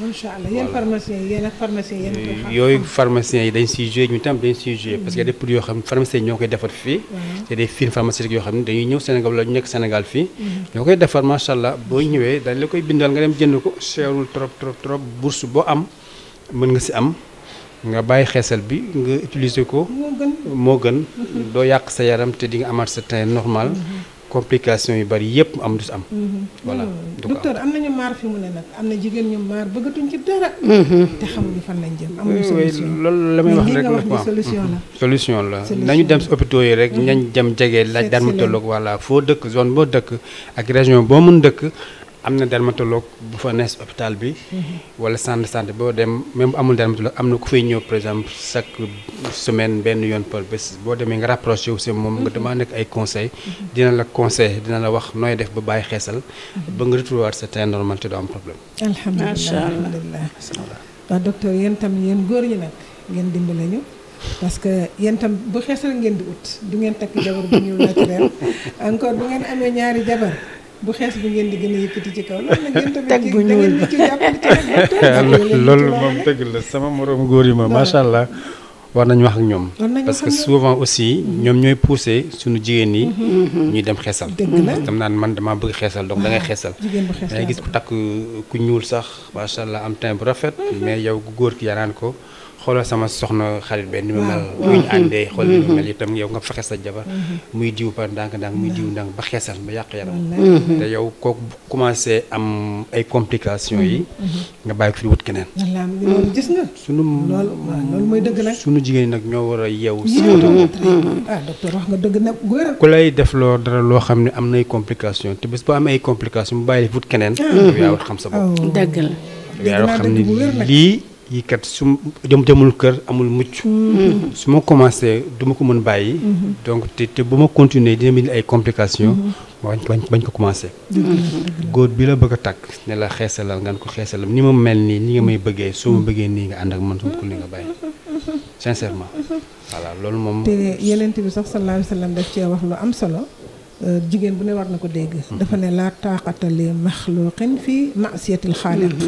Il allah pharmaciens yi yéen ak pharmaciens des pharmaciens yi dañ siy il des produits xam pharmaciens des pharmaciens il y xam dañuy ñëw Sénégal Sénégal y a des Il y dañ la koy bindal nga dem trop trop trop bourse am nga si am nga bi nga utiliser ko gën gën sa yaram normal mhm. complication yu bari yëpp am du si am. Mhm. voilà docteur am nañu maar fi mu ne nag am na jigéen ñu maar bëggatuñ ci dara. Mhm. te xamuñu fan lañ jëm. amuñu la may wax rek la mhm. solution la. solution la ñu dem si hôpitaux yi rek nañ dem jege laaj dermatologue voilà foo dëkk zone boo dëkk ak région boo mun dëkk. amna na dermatologue bu fa nees hôpital bi. wala centre de santé boo dem même amul dermatologue am na ku fay ñëw par exemple chaque semaine benn yoon par bés boo demee nga rapproché wu si moom nga demandé ay conseils. dina la conseil dina la wax nooy def ba bàyyi xeesal. ba nga retrouver sa teint normal te doo am problème. alhamdulilah macha allah docteur yéen tam yéen góor yi nag ngeen dimbale ñu. parce que yéen tam bu xeesal ngeen di ut du ngeen takk jabar bu ñuul naturel encore bu ngeen amee ñaari jabar. bu xees bi teg bu ñuul loolu moom dëgg la sama moroom góor yi ma macha allah war nañu wax ak ñoom parce que souvent aussi ñoom ñooy poussé suñu jigéen ñi mm-hmm, mm-hmm. ñuy dem xeesal tam naan man dama bëgg xeesal donc da ngay ah, xeesal dangay gis ku takk ku ñuul sax macha allah am teint bu rafet mm-hmm. mais yow ku góor ki yaa naan ko xolal sama soxna xarit ben ni mel bu ñu mm-hmm. àndee xool ni mel mm-hmm. itam yow nga fexé sa jaba mm-hmm. muy diiw par ndànk ndànk muy diiw ndànk ba xéssal ba yàq yaram té yow ko commencé am ay complications yi nga bay fi wut kenen gis nga sunu loolu mooy dëgg nag sunu jigéen ñi ah docteur wax nga dëgg nag góor ku lay def lo dara lo xamni am nay complications té bés bu am ay mu bay fi wut kenen ah. yow xam sa bop oh. deug la yaa war xam yi kat su dem demul kër amul mucc. Mm-hmm. su ma commencé du ma ko mën bàyyi. Mm-hmm. donc te te bu ma continuer dina mel ay complications. bañ mm-hmm. bañ bañ ko commencé. góor bi la bëgg a takk ne la xeesalal ngaan ko xeesalal ni ma mel nii ni nga may bëggee soo ma bëggee nii nga ànd ak man su ma ko ni nga bàyyi sincèrement. voilà loolu moom. te yeneen bi sax sallallahu alayhi wa cee wax lu am solo. Euh, jigéen bu ne war na ko dégg. dafa ne laa taaqata li maxluqin fi masiyatil xaaliq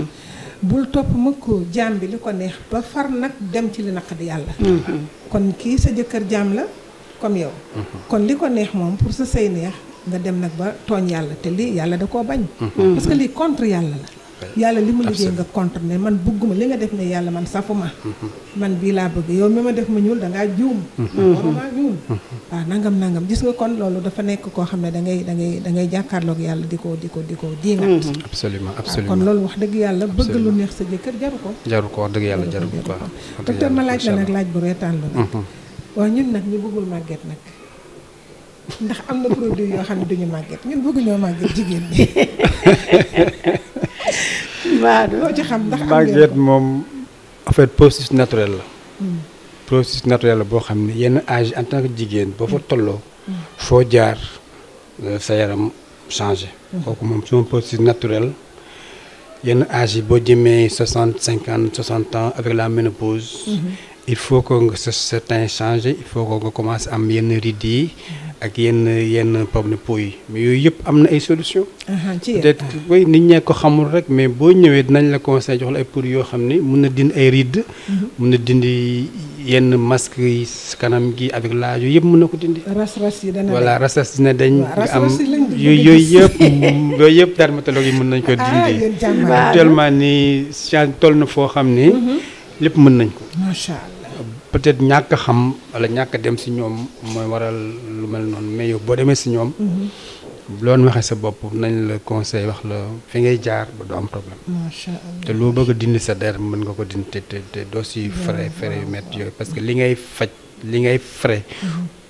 bul topp mukk jaam bi li ko neex ba far nag dem ci li naqadi yàlla mhm. kon kii sa jëkkër jaam la comme yow mhm. kon li ko neex moom pour sa sëy neex nga dem nag ba tooñ yàlla te lii yàlla da koo bañ mhm. parce lii contre yàlla la yalla limu mu nga contre ne man buguma li nga def ne yalla man safuma man bi la bëgg yow deh def ma ñuul da nga joom waruma ah, nangam nangam gis nga kon lolu dafa nek ko xam da ngay da ngay da ngay jàkkaarloog yàlla di diko diko ko di ko absolument mm-hmm. absolument ah, kon lolu wax deug yalla bëgg lu neex sa jëkkër jaru ko jaru ko deug yalla jaru ko docteur ma laaj la nak laaj bu reetaan la mm-hmm. wa ñun nak ñu bëggul magget nak ndax amna produit yo xam duñu magget ñun ñoo magget waaw loo ci en fait processus naturel la. Hmm. processus naturel la boo xam ne yenn âge en tant que jigéen boo fa hmm. tolloo. Hmm. foo ça euh, sa yaram changé. Donc mon un processus naturel yenn âge un âge, jëmee 65 ans, 60 ans avec la ménopause. il faut que certains changent, il faut que commence à am yenn rides ak yenn yenn pomme de peau yi yooyu yëpp am na ay solution peut-être oui nit ñee ko xamul rek mais boo ñëwee dinañ la conseil jox la ay produits yoo xam ne mun na dind ay rid mhm. mun na dindi yenn masque yi kanam gi avec la yooyu yëpp mun na ko dind ras yi dana voilà ras-ras dañ am yooyu yooyu yëpp yëpp dermatologue yi mun nañ ko ah, dindi actuellement ni science toll na foo xam ne mhm. lépp mën nañ ko peut-être ñàkk xam wala ñàkk dem si ñoom mooy waral lu mel noonu mais yow boo demee si ñoom. loon waxee sa bopp nañ la conseil wax la fi ngay jaar ba du am problème. te loo bëgg dindi sa der mën nga ko dindi te te te doo si frais frais yu métti yooyu parce que li ngay faj li ngay frais. Mhm.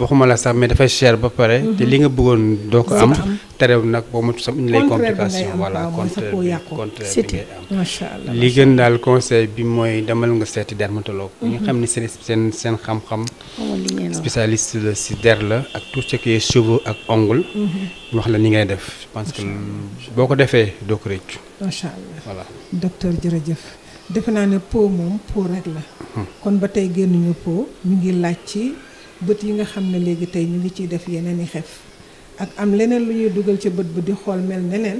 waxuma la sax mais dafay cher ba pare. Mhm. te li nga bëggoon doo ko am. terew nag boo si der la ak tout ce qui est mhm. ni ngay def je pense que boo ko defee doo ko rëccu. macha allah voilà docteur jërëjëf. defe naa ne peau moom peau rek la. Mhm. kon ba tey génnuñu peau ñu ngi laaj ci. bët yi nga xam ne léegi tey ñu ngi ciy def yeneen yi xef ak am leneen lu ñuy dugal ci bët bu di xool mel neneen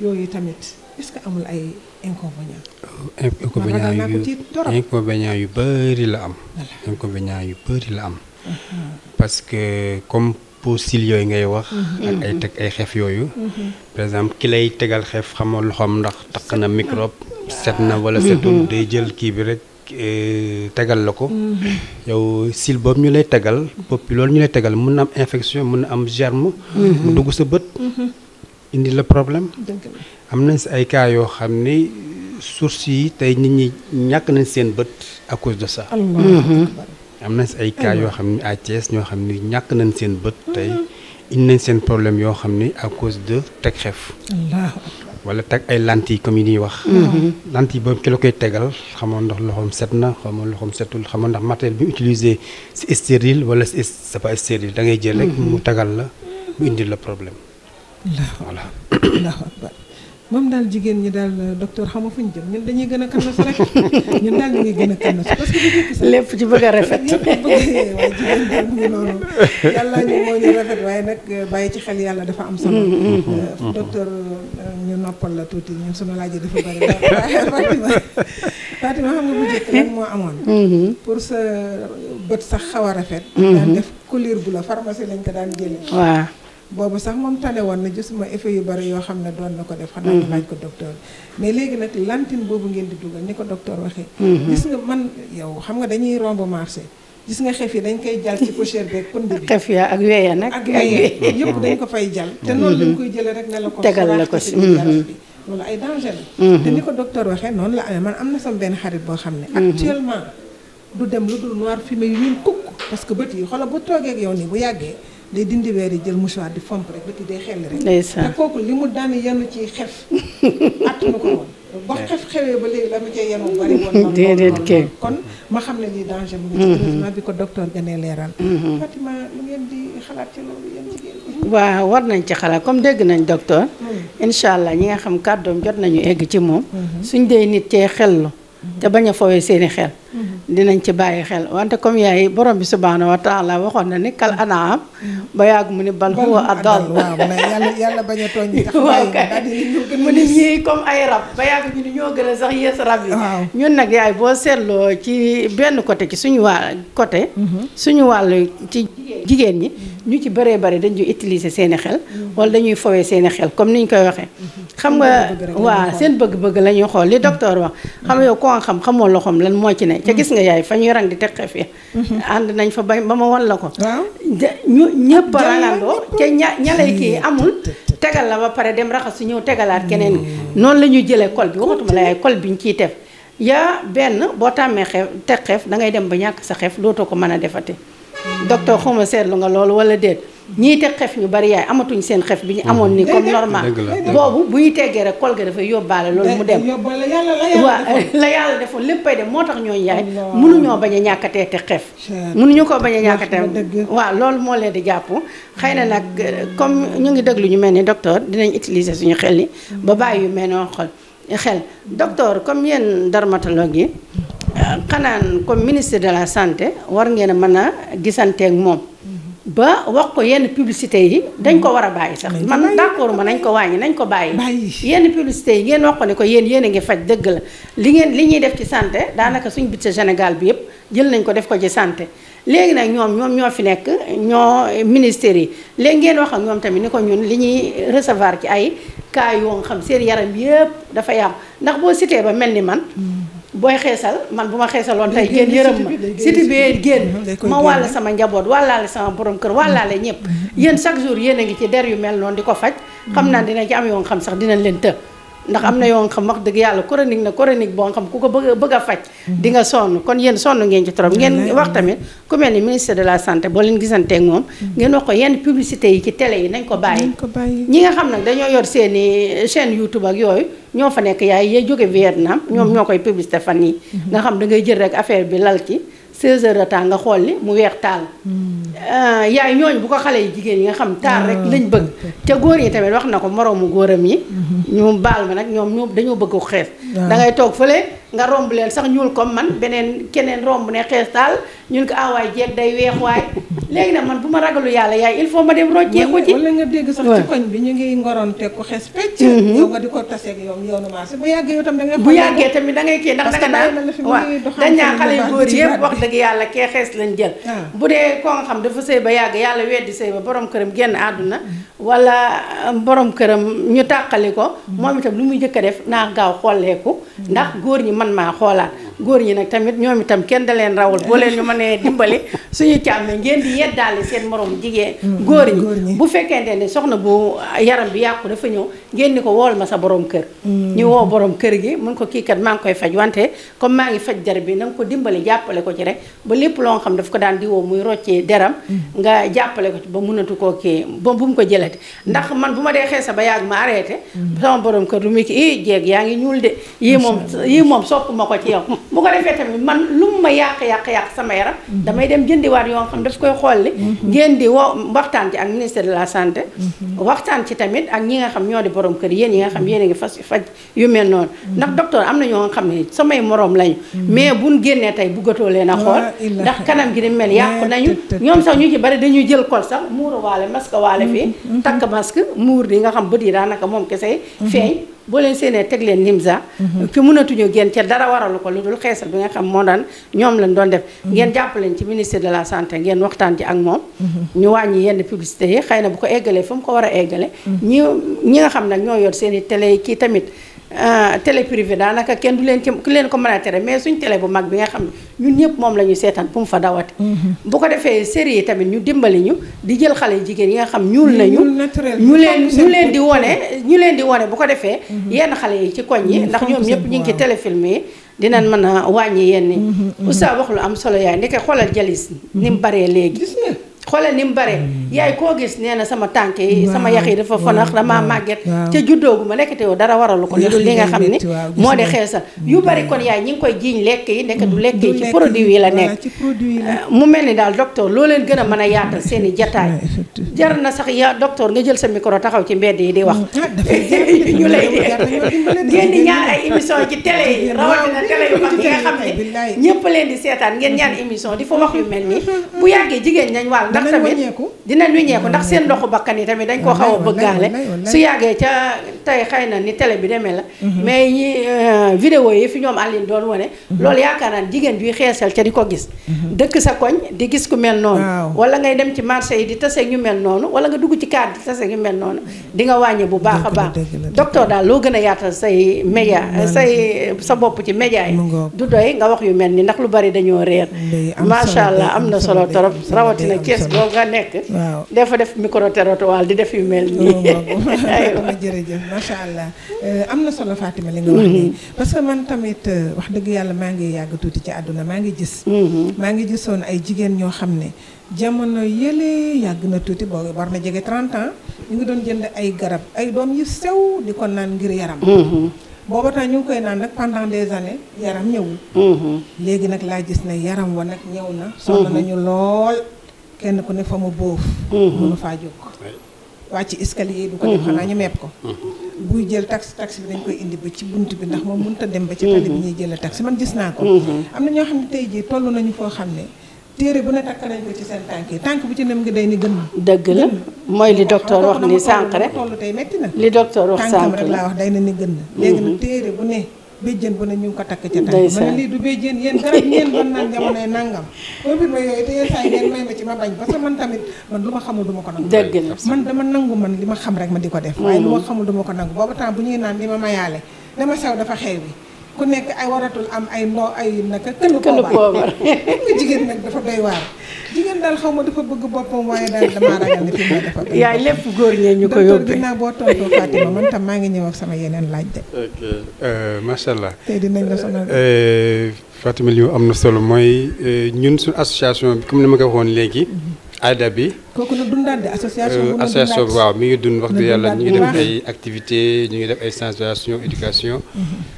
yooyu tamit est-ce que amul ay inconvénients. Oh, yu inconvénients bëri la am. inconvénients yu bëri la am. Uh-huh. parce que comme pour cils yooyu ngay wax. Mm-hmm. ak ay mm-hmm. teg ay xef yooyu. Mm-hmm. par exemple ki lay tegal xef xamoo loxoom ndax taq na microbe. set na wala setul day jël kii bi rek. Eh, tegal la yow sil bob ñu lay tegal. lool ñu lay tegal mën na am infection mën na am germe. mu dugg sa indi le problème. am nañ ay cas yoo xam source yi tey nit ñi à cause de ça. am ay cas à nañ seen problème à cause de teg wala teg ay lanti comme yi ñuy wax. Mhm. lentille boobu ki la koy tegal xamoon ndax loxoom set na xamoon loxoom setul xamoon ndax matériel bi mu utilisé c'est stérile wala c'est pas stérile da ngay jël mhm. mu tegal la mu la problème. voilà. jigéen ñi daal docteur xamu fu ñu dañuy gën a si rek a kanna si parce que bu sax ci bëgg a rafet waaye jigéen daal mu noonu yàlla ñu moo ñu rafet waaye nag bàyyi ci xel yàlla dafa am solo mhm. euh, docteur ñu noppal la tuuti ñun sunu laaj yi dafa bëri Fatima Fatima xam nga bu njëkk lan moo amoon. Mm-hmm. pour sa bët sax xaw a rafet. Mm-hmm. daan def couleur bu la pharmacie lañ ko daan jëlee. waa boobu sax moom tane woon na gisuma effet yu bari yoo xam ne doon na ko def. xanaa ñu mm-hmm. laaj ko docteur mais léegi nag lantine boobu ngeen di dugal ni ko docteur waxee. gis nga man yow xam nga dañuy romb marché. gis nga xef yi dañ koy jal ci pochère beeg pënd bi. xef ya ak weya nag. ak weya yëpp dañ ko fay jal mm-hmm. te noonu lañ koy jëlee rek ne la ko. tegal la ko si mm-hmm. loolu ay danger la. Mm-hmm. te ni ko docteur waxee noonu la amee man am na sama benn xarit boo xam ne. actuellement du dem lu dul noir fumé yu ñuul kukk. parce que bët yi xoolal bu toogee ak yow nii bu yàggee day dindi weer yi jël mouchoir di fomp rek bët yi day xel rek. ndeysaan te kooku li mu daan yenn ci xef attanu ko woon. ba ba léegi la mu cee kon ma xam ne lii danger mu ngi ci mm-hmm. ko docteur gënee leeral mm-hmm. waaw war nañ ci xalaat comme dégg nañ docteur mm-hmm. incha allah ñi nga xam kàddoom jot nañu egg ci moom suñ dee nit cee xellu te bañ a fowee seeni xel dinañ ci bàyyi xel wante comme yaay borom bi subhaanahu wa taala waxoon na ni kal anaam ba yàgg mu ni bal huwa adal yàlla yàlla bañ a tooñ mu ni ñii comme ay rab ba yàgg ñu ni ñoo gën a sax yées rab yi ñun nag yaay boo seetloo ci benn côté ci suñu waa côté mhm. suñu wàll ci jigéen ñi ñu ci bëree bëri dañuy utiliser seeni xel mhm. wala dañuy fowee seeni xel comme niñ koy waxee mhm. xam nga waa seen bëgg-bëgg la ñuy xool li docteur wax xam nga yow ko xam xamoo loxoom lan moo ci ne ca mm. gis nga yaay fa ñuy rang di teqeef ya mm-hmm. ànd nañ fa ba ma wan la ko ñu ñëpp a ca ña ñalay kii amul tegal la ba pare dem raxas su ñëw tegalaat keneen noonu la ñuy jëlee col bi waxatuma la yaay col bi ñu ciy def yaa benn boo tàmmee xeef teg xeef da ngay dem ba ñàkk sa xeef dootoo ko mën a defati docteur xuma seetlu nga loolu wala déet ñii teg xef ñu bari yaay amatuñ seen xef bi ñu amoon ni comme normal boobu buy teggee rek kol ga dafay yóbbaale loolu mu dem eh, waa la yàlla defoon léppay dem moo tax ñooñu yaay mënuñoo bañ a ñàkkatee te xef mënuñu koo bañ a ñàkkatee waaw loolu moo leen di jàpp xëy na nag comme ñu ngi déglu ñu mel ni docteur dinañ utiliser suñu xel ni ba bàyyi yu mel noonu xol xel docteur comme yéen dermatologue yi xanaan comme ministre de la santé war ngeen a mën a gisanteeg moom ba wax ko yenn publicité yi dañ ko war a bàyyi sax man na d'accord ma nañ ko wàññi nañ ko bàyyi yenn publicité yi ngeen wax ko ne ko yéen yéen a ngi faj dëgg la li ngeen li ñuy def ci santé daanaka suñ budget Sénégal bi yëpp jël nañ ko def ko ci sante léegi nag ñoom ñoom ñoo fi nekk ñoo ministère yi léegi ngeen wax ak ñoom tamit ni ko ñun li ñuy recevoir ci ay cas yoo xam seen yaram yëpp dafa yam ndax boo cité ba mel ni man hmm. booy xeesal man bu ma xeesaloon tey génn yërëm ma siti bi génn ma wàll sama njaboot wàllaale sama borom kër wàllaale ñëpp mm-hmm. yéen chaque jour yéen a ngi ci der yu mel noonu di ko faj xam naa mm-hmm. dina ci am yoo xam sax dinañ leen të ndax am na yoo xam wax dëgg yàlla chronique na chronique boo xam ku ko bëgg bëgg a faj di nga sonn kon yéen sonn ngeen ci trop ngeen wax tamit ku mel ni ministre de la santé boo leen gisanteeg moom ngeen wax ko yenn publicité yi ci télé yi nañ ko bàyyi ñi nga xam nag dañoo yor seeni chaîne YouTube ak yooyu ñoo fa nekk yaay yay jóge Vietnam ñoom ñoo koy publicité fan yi mm-hmm. nga xam dangay ngay jël rek affaire bi lal ci 16 heures nga xool li mu weex taal. Hmm. Euh, yaay ñooñ bu ko xale yi jigéen yi nga xam taal rek ah. lañ bëgg. te góor yi tamit wax na ko moroomu góoram yi. Hmm. ñu baal ma nag ñoom ñoom dañoo bëgg ko xees. Ah. da ngay toog fële. nga romb leen sax ñuul comme man beneen keneen romb ne xees taal ñun ko awaay ah, jeeg day weex waay léegi na man bu ma ragalu yàlla yaay il faut ma dem rocceeku ci wala nga dégg sax ci koñ bi ñu ngi ngoronte ku xees pecc mhm. di ko taseeg yow yow na marché bu yàggee tam da ngay bu yàggee tamit dangay ngay kii ndax da nga naan waaw dañ ñaa xale yu góor yëpp wax dëgg yàlla kee xees lañ jël ah. bu dee koo nga xam dafa sëy ba yàgg yàlla weddi sëy ba borom këram génn àdduna wala euh, borom këram ñu tàqali ko mm-hmm. moom itam lu muy jëkk a def naa gaaw xolleeku mm-hmm. ndax góor ñi man maa xoolaat góor ñi nag tamit ñoom itam kenn da leen rawul boo leen ñu mënee dimbali suñu càmmee ngeen di li seen morom jigéen mm, mm, góor ñi bu fekkente ne soxna bu yaram bi yàqu dafa ñëw ngeen ni ko wool ma sa borom kër mm. ñu woo borom kër gi mun ko kii kat maa ngi koy faj wante comme maa ngi faj der bi na ko dimbali jàppale ko ci rek ba lépp loo xam daf ko daan di woo muy roccee deram nga jàppale ko ba mënatu koo kii ba bu mu ko jëlati ndax man bu ma dee xeesa ba yàgg ma arrêté sama borom kër du muy ki i jeeg yaa ngi ñuul de yii moom yii moom sopp ko ci yow bu ko defee tamit man lu mu ma yàq yàq yàq sama yaram. Mhm. damay dem jëndiwaat yoo xam daf koy xolli. Mhm. ngeen di woo waxtaan ci ak ministère de la santé. Mhm. waxtaan ci tamit ak ñi nga xam ñoo di borom kër yéen yi nga xam yéen a ngi fas faj yu mel noonu. ndax docteur am na ñoo xam ne samay moroom lañu. mais buñ génnee tey buggatoo leen a xool. ndax kanam gi di mel yàqu nañu. ñoom sax ñu ci bari dañuy jël kol sax muuru waale masque waale fii. takk masque muur di nga xam bët yi daanaka moom kese feeñ. boo leen seenee teg leen nimsa ki mhm. mënatuñu génn ca dara waralu ko lu dul xeesal bi nga xam moo daan ñoom lañ doon def mhm. ngeen jàpp leen ci ministère de la santé ngeen waxtaan ci ak moom mhm. ñu wàññi yenn publicité yi xëy na bu ko eggalee fu mu ko war a eggale ñi ñi nga xam nag ñoo yor seen i télé yi kii tamit Euh, télé privé daanaka kenn du leen ci ku leen ko mën a tere mais suñ télé bu mag bi nga xam ñun ñëpp moom la ñu seetaan bu mu fa dawati mm-hmm. bu ko defee série yi tamit ñu dimbali ñu di jël xale yi jigéen yi nga xam ñuul nañu ñu leen ñu leen di wone ñu leen di wone bu ko defee mm-hmm. yenn xale yi ci koñ yi ndax ñoom ñëpp ñu ngi ki téléfilm yi dinañ mën a wàññi yenn yi mm-hmm, oustaz wax lu am solo yaay ndeke xoolal jalis ni mu baree léegi xoolal ni mu baree yaay koo gis nee na sama tànk yi sama yax yi dafa fanax damaa màgget ca juddoogu ma nekk te yoo dara waralu ko lu dul li nga xam ne moo de xeesal yu bari kon yaay ñi ngi koy jiiñ lekk yi nekk du mm, lekk yi ci produit yi la nekk euh, mu mel ni daal docteur loo leen gën a mën a yaatal seen i jataay jar na sax ya docteur nga jël sa micro taxaw ci mbedd yi di wax mm, ah, ñu lay ngeen di ñaan ay émission ci télé yi rawatina télé yu mag yi nga xam ne ñëpp leen di seetaan ngeen ñaan émission di fa wax yu mel nii bu yàggee jigéen nañ wàll ndax dinañ wiññeeku ndax seen loxo bakkan yi tamit dañ koo xaw a su yàggee ca tey xëy na ni tele bi demee la mhm. mais ñi euh, vidéo yi fi ñoom Aline doon wane mhm. loolu yaakaar naan jigéen bi xeesal ca di ko gis mhm. dëkk sa koñ di gis ku mel noonu wala ngay dem ci marché yi di taseeg ñu mel noonu wala nga dugg ci kaar di taseeg ñu mel noonu di nga wàññi bu baax a baax docteur daal loo gën a yaatal say média say sa bopp ci média yi du doy nga wax yu mel ni ndax lu bari dañoo réer am solo waaw dafa def micro trottoir di def yu mel nii. Oh, ah, jërëjëf macha allah euh, am na solo Fatima li nga wax nii. Mm-hmm. parce que man tamit euh, wax dëgg yàlla maa ngi yàgg tuuti ci àdduna maa ngi gis. Mm-hmm. maa ngi gisoon ay jigéen ñoo xam ne jamono yële yàgg na tuuti boo war na jege 30 ans ñu ngi doon jënd ay garab ay doom yu sew di ko naan ngir yaram. Mm-hmm. booba ñu ngi koy naan nag pendant des années yaram ñëwul. léegi nag laa gis ne yaram wa nag ñëw na. sonn nañu lool. kenn ku ne fa mu boof. mënu mhm. faa jóg. wàcc escalier yi du ko def mhm. xanaa ñu meeb ko. Mhm. buy jël taxi taxi bi dañ koy indi ba ci bunt bi ndax moom mënut a dem ba ci tali bi ñuy jëlee taxi man gis naa ko. am na ñoo xam ne tey jii toll nañu foo xam ne. téere bu ne takk nañ ko ci seen tànk yi tànk bu ci nem ngi day ni gën. dëgg la mooy li docteur wax ni sànq rek. toll tey metti na. li docteur wax sànq rek laa wax day na ni gën. léegi nag téere bu ne. béjjén bu ne ñu ngi ko takk ca tànk ma ne lii du béjjén yéen garab ngeen doon naan jamonoy nangam bobit ma yooyu te yéen saa ngeen may ma ci ma bañ parce que man tamit man lu ma xamul duma ko nangu dëgg la man dama nangu man li ma xam rek ma di ko def waaye lu ma mm. xamul du ko nangu booba temps bu ñuy naan li ma mayaale dama sew dafa xew bi ku nekk ay waratul am ay ndoo ay naka këlu poobar nga jigéen nag dafa doy waar jigéen daal xaw ma dafa bëgg boppam waaye daal damaa ragal ne fi ma dafa yaay lépp góor ñee ñu ko maa ngi ñëw ak sama yeneen laaj de ok euh, allah tey dinañ la sonal euh, Fatima li am na solo mooy euh, ñun suñu association bi comme ni ma ko waxoon léegi mm-hmm. aada bi kooku na dundaat de association bi waaw mi ngi dund wax dëgg yàlla ñu ngi def ay activité ñu ngi def ay sensibilisation éducation mm-hmm.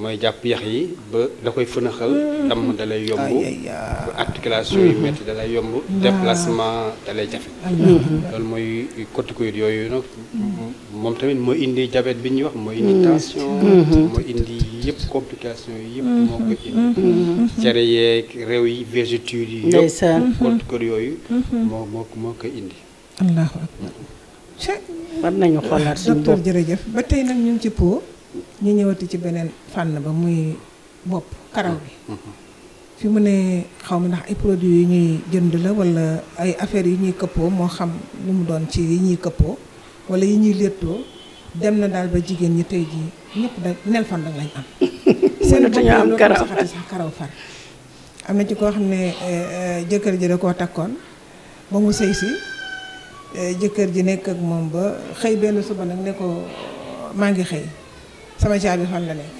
mooy jàpp yax yi ba da koy fënaxal damm da lay yomb articulation yu métti da lay yomb ah. déplacement da lay jafe ah, ah. loolu mooy corticoïde yooyu nag moom tamit mooy indi diabète bi ñuy wax mooy indi tension mm-hmm. mm-hmm. yëpp complication yëpp moo ko indi mm-hmm. cere yeeg réew yi vergetures yi yëpp corticoïde yooyu moo moo moo ko indi allahu akbar war nañu xoolaat suñu bopp jërëjëf ba tey nag ñu ngi ñu ñëwati ci beneen fànn ba muy bopp karaw bi fi mu ne xaw ma ndax ay produits yu ñuy jënd la wala ay affaires yu ñuy këppoo moo xam lu mu doon ci yi ñuy këppoo wala yi ñuy léttoo dem na daal ba jigéen ñi tey jii ñëpp da nel fan da lañ am seen bopp am karaw sax karaw far am na ci koo xam ne eh, eh, jëkkër ji da koo takkoon ba mu sëy si eh, jëkkër ji nekk ak moom ba xëy benn suba nag ne ko maa ngi xëy sama caabi fan la nekk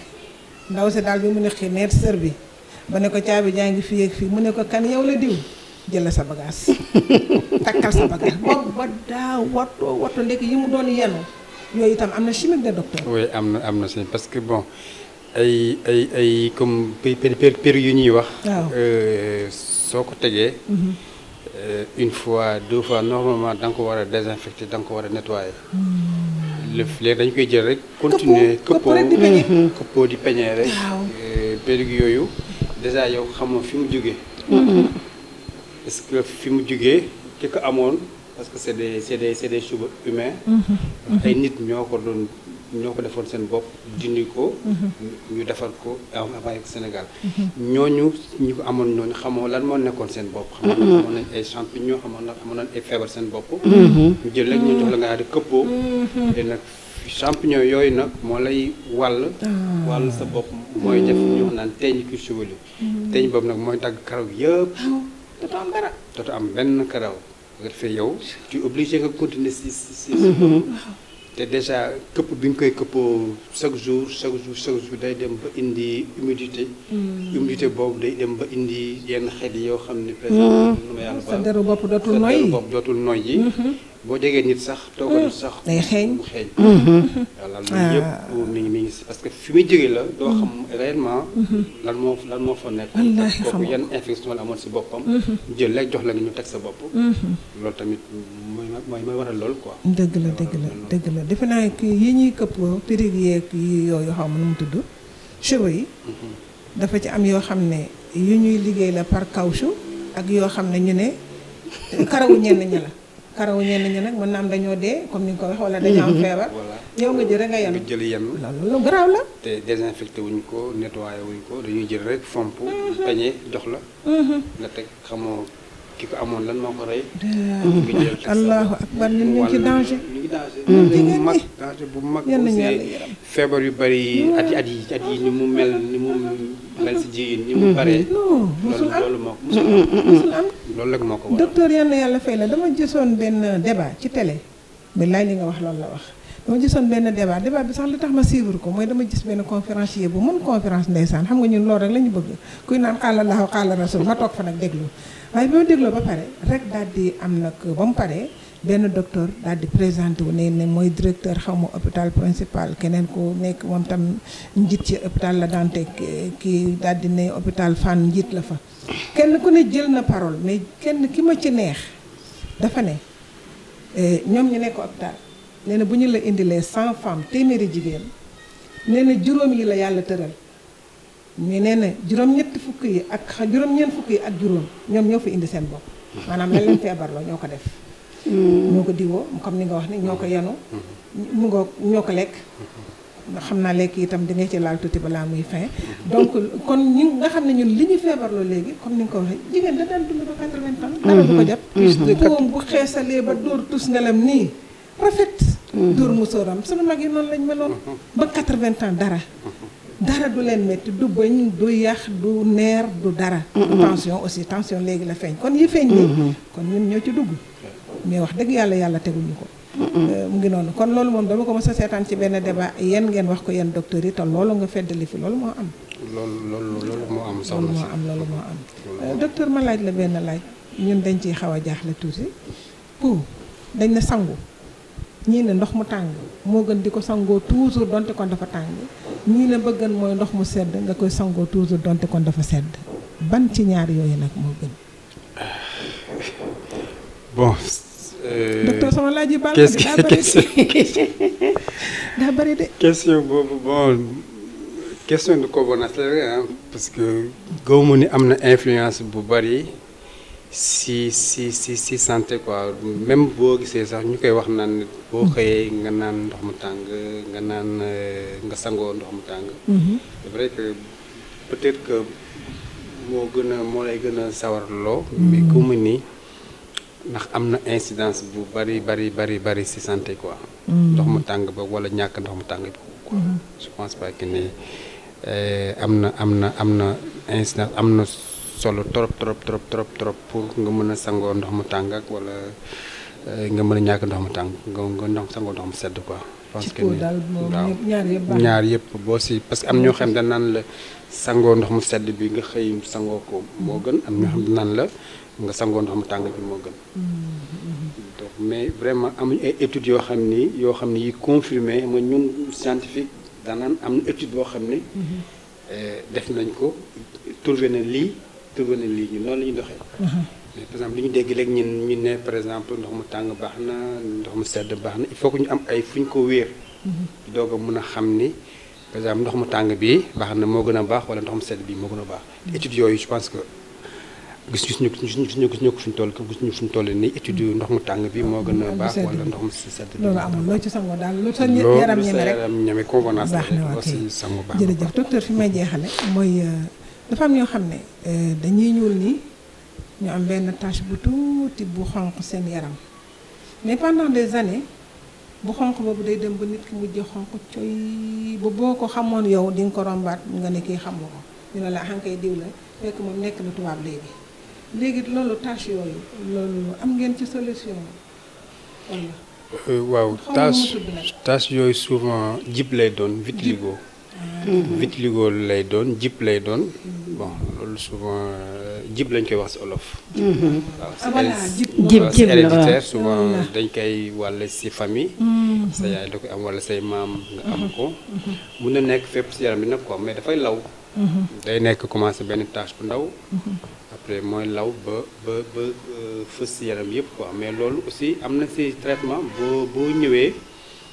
ndaw si daal bi mu ne xineet sër bi ba ne ko caabi jaa ngi fii ak fii mu ne ko kan yow la diw jëlal sa bagage takkal sa bagage boobu ba daa wattu wattu ndekk yi mu doon yenu yooyu itam am na chimique de docteur. oui am na am na si parce que bon ay ay ay comme per yu ñuy wax. Euh, soo ko tegee. Mhm. Euh, une fois deux fois normalement da nga ko war a désinfecter da nga ko war a nettoyer. Hmm le léegi dañ koy jël rek. continuer këppoo mm-hmm. këppoo di peñee rek. waaw eh, périg yooyu dèjà yow xamoo fi mu mm-hmm. est-ce que fi mu jógee ki amone parce que c'est des c'est des c'est des choses humain mm-hmm. ay nit ñoko ko doon. ñoo ko defoon seen bopp dindi ko mm-hmm. ñu defar ko avant ak Sénégal mm-hmm. ñooñu ñi ko amoon ñooñu xamoo lan moo nekkoon seen bopp xamoo amoon mm-hmm. nañ ay champignon xamoon na ay feebar seen bopp ñu jël rek ñu jox la nga di këppoo te nag champignon yooyu nag moo lay wàll ah. wàll sa bopp mooy def ñu wax naan teeñ ki chevelu teeñ boobu nag mooy dagg karaw yëpp ah dootu am am benn karaw nga defee yow tu obligé nga continuer si si si te déjà këpp bi ñu koy këppoo chaque jour chaque jour chaque jour day dem ba indi humidité. Mm. humidité boobu day dem ba indi yenn xeet yoo xam ne. présent mm. ma sa deru bopp dootul noy yi bopp mm-hmm. boo jegee nit sax toogal sax. Mm. day xeeñ mu xeeñ. Mm-hmm. voilà loolu yëpp ah. mi ngi mi ngi parce que fi muy jógee la doo xam mm-hmm. réellement. lan moo lan moo fa nekk. wallaahi infection la amoon si boppam. jël lekk jox la ñu teg sa bopp. loolu tamit. nag mooy mooy waral lool quoi. dëgg la dëgg la dëgg la defe naa ki yi ñuy këpp perruque yeeg yi yooyu xaw ma nu mu tudd cheveux yi. Mm-hmm. dafa ci am yoo xam ne yu ñuy liggéey la par caoutchouc ak yoo xam ne ñu ne karawu ñenn ñi la. karawu ñenn ñi nag mën na am dañoo dee comme ni nga ko waxee wala dañoo am mm-hmm. feebar. yow nga jël rek nga yenu jël yenu loolu garaaw la. te désinfecté wuñ ko nettoyé wuñ ko dañuy jël rek fomp. Mm-hmm. pañe jox la. nga teg xamoo. ki amoon lan moo ko rey. allahu ak ñun ñu ngi ci danger. ñu ngi danger mag danger bu mag. feebar yu bari yi at yi at yi at yi ni mu mel ni mu mel si jigéen ni mu mm-hmm. bare. non musul am loolu moo ko musul moo ko waral docteur yàlla fey la dama gisoon benn débat ci télé. billaay li nga wax loolu la wax. dama gisoon benn débat débat bi sax li tax ma suivre ko mooy dama gis benn conférencier bu mën conférence ndeysaan xam nga ñun loolu rek la ñu bëgg kuy naan xaala laahu xaala rasul ma toog fa nag déglu. waaye boo dégloo ba pare rek daal di am nag ba mu paree benn docteur daal di présenté wu ne ne mooy directeur xaw ma hôpital principal keneen ku nekk moom tam njiit ci hôpital La Dantec kii daal di ne hôpital Fann njiit la fa. kenn ku ne jël na parole mais kenn ki ma ci neex dafa ne eh, ñoom ñu nekk hôpital nee bu ñu la indilee cent femmes téeméeri jigéen nee na juróom yi la yàlla tëral. mais nee na juróom-ñetti fukk yi ak juróom-ñeent fukk yi ak juróom ñoom ñoo fi indi seen bopp maanaam lan leen feebarloo ñoo ko def hmm. ñoo ko diwoo comme ni nga wax ni ñoo ko yenu mu nga ñoo ko lekk xam naa lekk itam di nga laal tuuti balaa muy fin donc kon ñu nga xam ne ñun li ñu feebarloo léegi comme ni nga ko waxee jigéen da daan dund ba quatre-vingts ans dara du ko jàpp koom hmm. bu xeesalee ba dóor tus ngelam nii rafet hmm. dóor musóoram sunu mag yi noonu lañ meloon ba quatre-vingts ans dara dara du len métti du bëñ du yax du ner du dara tension aussi tension léegi la feeñ kon yi feeñ ni kon ñun ñoo ci dugg mais wax deug yalla yalla teguñu ñuko euh, mu ngi non kon lolu mom dama ko mos a seetaan ci ben débat yeen ngeen wax ko yeen docteur yi te lolu nga fédali fi lolu mo am lolu lolu loolu moo am loolu mo am lolu mo euh, am docteur ma laaj la ben laaj ñun dañ ci xawa a jaaxle tuuti pour dañ na sangu ñii ne ndox mu tàng moo gën di ko sangoo toujours donte kon dafa tàng ñii ne ba gën mooy ndox mu sedd nga koy sangoo toujours donte kon dafa sedd ban ci ñaar yooyu nag moo gën. bon. Euh, docteur sama laaj yi baal ma bon question de convenance la que gëw ni am na influence bu bari. si si si si santé quoi même boo gisee sax ñu koy wax naan boo xëyee nga naan ndox mu tàng nga naan euh, nga sangoo ndox mu tàng. Mhm. c'est vrai que peut-être que moo gën a moo lay gën a sawarloo. Mhm. mais ku nii ndax am na incidence bu bari bari bari bari si santé quoi. Mhm. ndox mu tàng ba wala ñàkk ndox mu tàng bi je pense pas que ni euh, am na am na am na incidence am na. solo trop trop trop trop trop pour nga mëna sangoo ndox mu tàng ak wala eh, nga mëna a ñàkk ndox mu tàng nga nga ndox sangoo ndox mu sedd quoi parce que ñaar yépp boo si parce que am ñoo xam da naan la sangoo ndox mu sedd bi nga xëy sangoo ko moo gën am ñoo xam da la nga sangoo ndox mu tàng bi moo gën donc mais vraiment amuñ ay études yoo xam ni yoo xam ni yi confirmé nga ñun scientifique danaan am étude boo xam ni mhm. eh, def nañ ko trouvé na lii souvenir lii ñu noonu la ñu doxee. Mhm. mais par exemple li ñu dégg léegi ñun ñu ne par exemple ndox mu tàng baax baax na ñu am ay fu ko wéer. Mhm. doog a mun a xam ni par exemple ndox mu tàng bii baax na moo gën a baax wala ndox mu sedd bii moo gën a baax. Mhm. études yooyu je pense que gis gisuñu gisuñu gisuñu ko suñu toll gisuñu suñu toll nii étude mu tàng bi moo gën a baax wala ndox mu sedd bi loolu amul loo ci sango daal lu sa yaram ñeme rek baax na waa kay jërëjëf docteur fi may mooy euh, dafa am ñoo xam ne euh, dañuy ñuul nii ñu am benn tache bu tuuti bu xonq seen yaram mais pendant des années bu xonq boobu day dem ba nit ki mujj xonq coy ba boo ko xamoon yow di nga ko rombaat nga ne kii xam nga ko ñu ne la xankay ah, diw la fekk moom nekk na tubaab léegi léegi loolu tache yooyu loolu am ngeen ci solution wala euh, waaw tache tache yooyu souvent jib lay doon vitiligo Mm-hmm. vitiligo lay doon jip lay doon bon loolu souvent jip lañ koy wax si olof. Mm-hmm. Ah, voilà jib jib la héréditaire souvent dañ koy wàll si famille. Mm-hmm. sa yaay da koy am wala say maam nga am ko. mun na nekk fépp si yaram bi nag quoi mais dafay law. day nekk commencé benn tâche bu ndaw. après mooy law ba ba ba fës si yaram yëpp quoi mais loolu aussi am na si traitement boo boo ñëwee.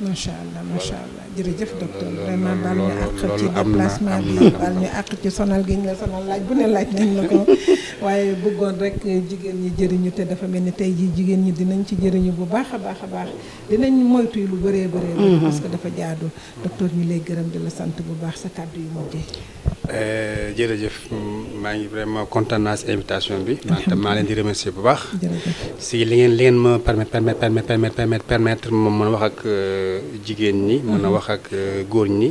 macha allah macha allah jërëjëf docteur vraiment baal ñu àq ci déplacement bi baal ñu àq ci sonal gi ñu la sonal laaj bu ne laaj nañ la ko waaye bëggoon rek jigéen ñi jëriñu te dafa mel ni tey jii jigéen ñi dinañ ci jëriñu bu baax a baax a baax dinañ moytu lu bëree bëree mhm. parce que dafa jaadu docteur ñi lay gërëm di la sant bu baax sa kàddu yu mujjee Eh, jërëjëf maa ngi vraiment kontaan naa si invitation bi. maa maa leen di remercier bu baax. si li ngeen li ngeen ma permettre permettre permettre permettre permettre ma mën a wax ak euh, jigéen ñi. mën a mhm. wax ak euh, góor ñi.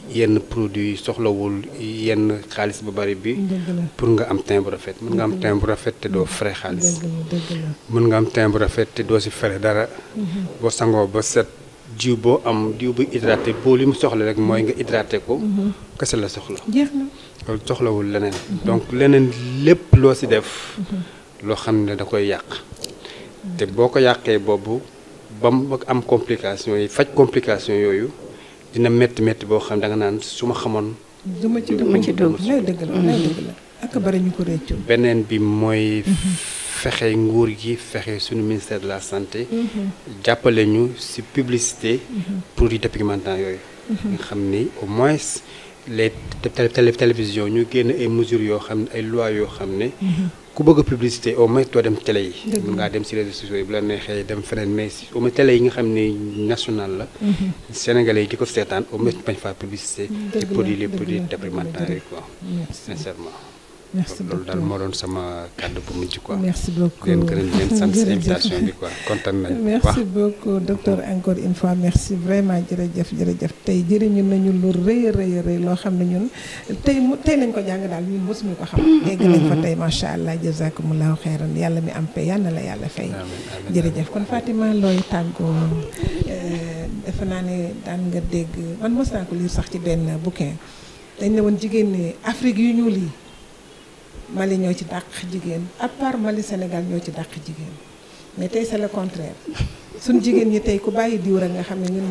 yenn produit soxlawul yenn xaalis bu bari bi pour nga am teint bu rafet mën nga am teint bu rafet te doo frais xaalis mën nga am teint bu rafet te doo si fare dara mhm. boo sangoo ba set jiw boo am jiw bu hydraté boo li mu soxla rek mooy nga hydraté ko mhm. kese la soxla soxlawul leneen mhm. donc leneen lépp loo si def loo xam ne da koy yàq te boo ko yàqee boobu ba mu am complication yi faj complication yooyu dina metti metti bo xam da nga nan suma xamone xamoon. ci dugg ci dugg lay dëgg la lay dëgg la ak bari ñu ko reccu benen bi moy mhm. fexe nguur gi fexe suñu ministère de la santé. Mhm. jappalé ñu ci publicité. Mhm. produits dépigmentants yooyu. nga xam ni au moins les télévisions ñu genn ay mesures yo xam ay lois yo xam ne. ku bëgg publicité au moins doo dem télé yi. mën ngaa dem si réseaux sociaux yi bu la neexee dem feneen mais si au moins télé yi nga xam ne national la. Mm-hmm. Sénégalais yi di ko seetaan au moins bañ faa publicité. ci produit les produits alimentaires sincèrement. merci beaucoup loolu daal moo sama kàddu bu mujj quoi. merci beaucoup leen gërëm leen sant si invitation bi quoi kontaan encore une merci vraiment jërëjëf jërëjëf tey jëriñu nañu lu rëy a rëy loo xam ne ñun tey mu tey nañ ko jàng daal ñun mosuñu ko xam. dégg nañ fa tey macha allah jazakumullahu xeyran yàlla mi am pay yàlla na la yàlla fay. jërëjëf kon Fatima looy tàggoo eh, defe naa ne daan nga dégg man mos naa ko lire sax ci benn bouquin dañ ne woon jigéen ñi Afrique yu ñuul yi. Mali ñoo ci dàq jigéen à part Mali Sénégal ñoo ci dàq jigéen mais tey c'est le suñ jigéen ñi tey ku bàyyi diw rek nga xam ne ñun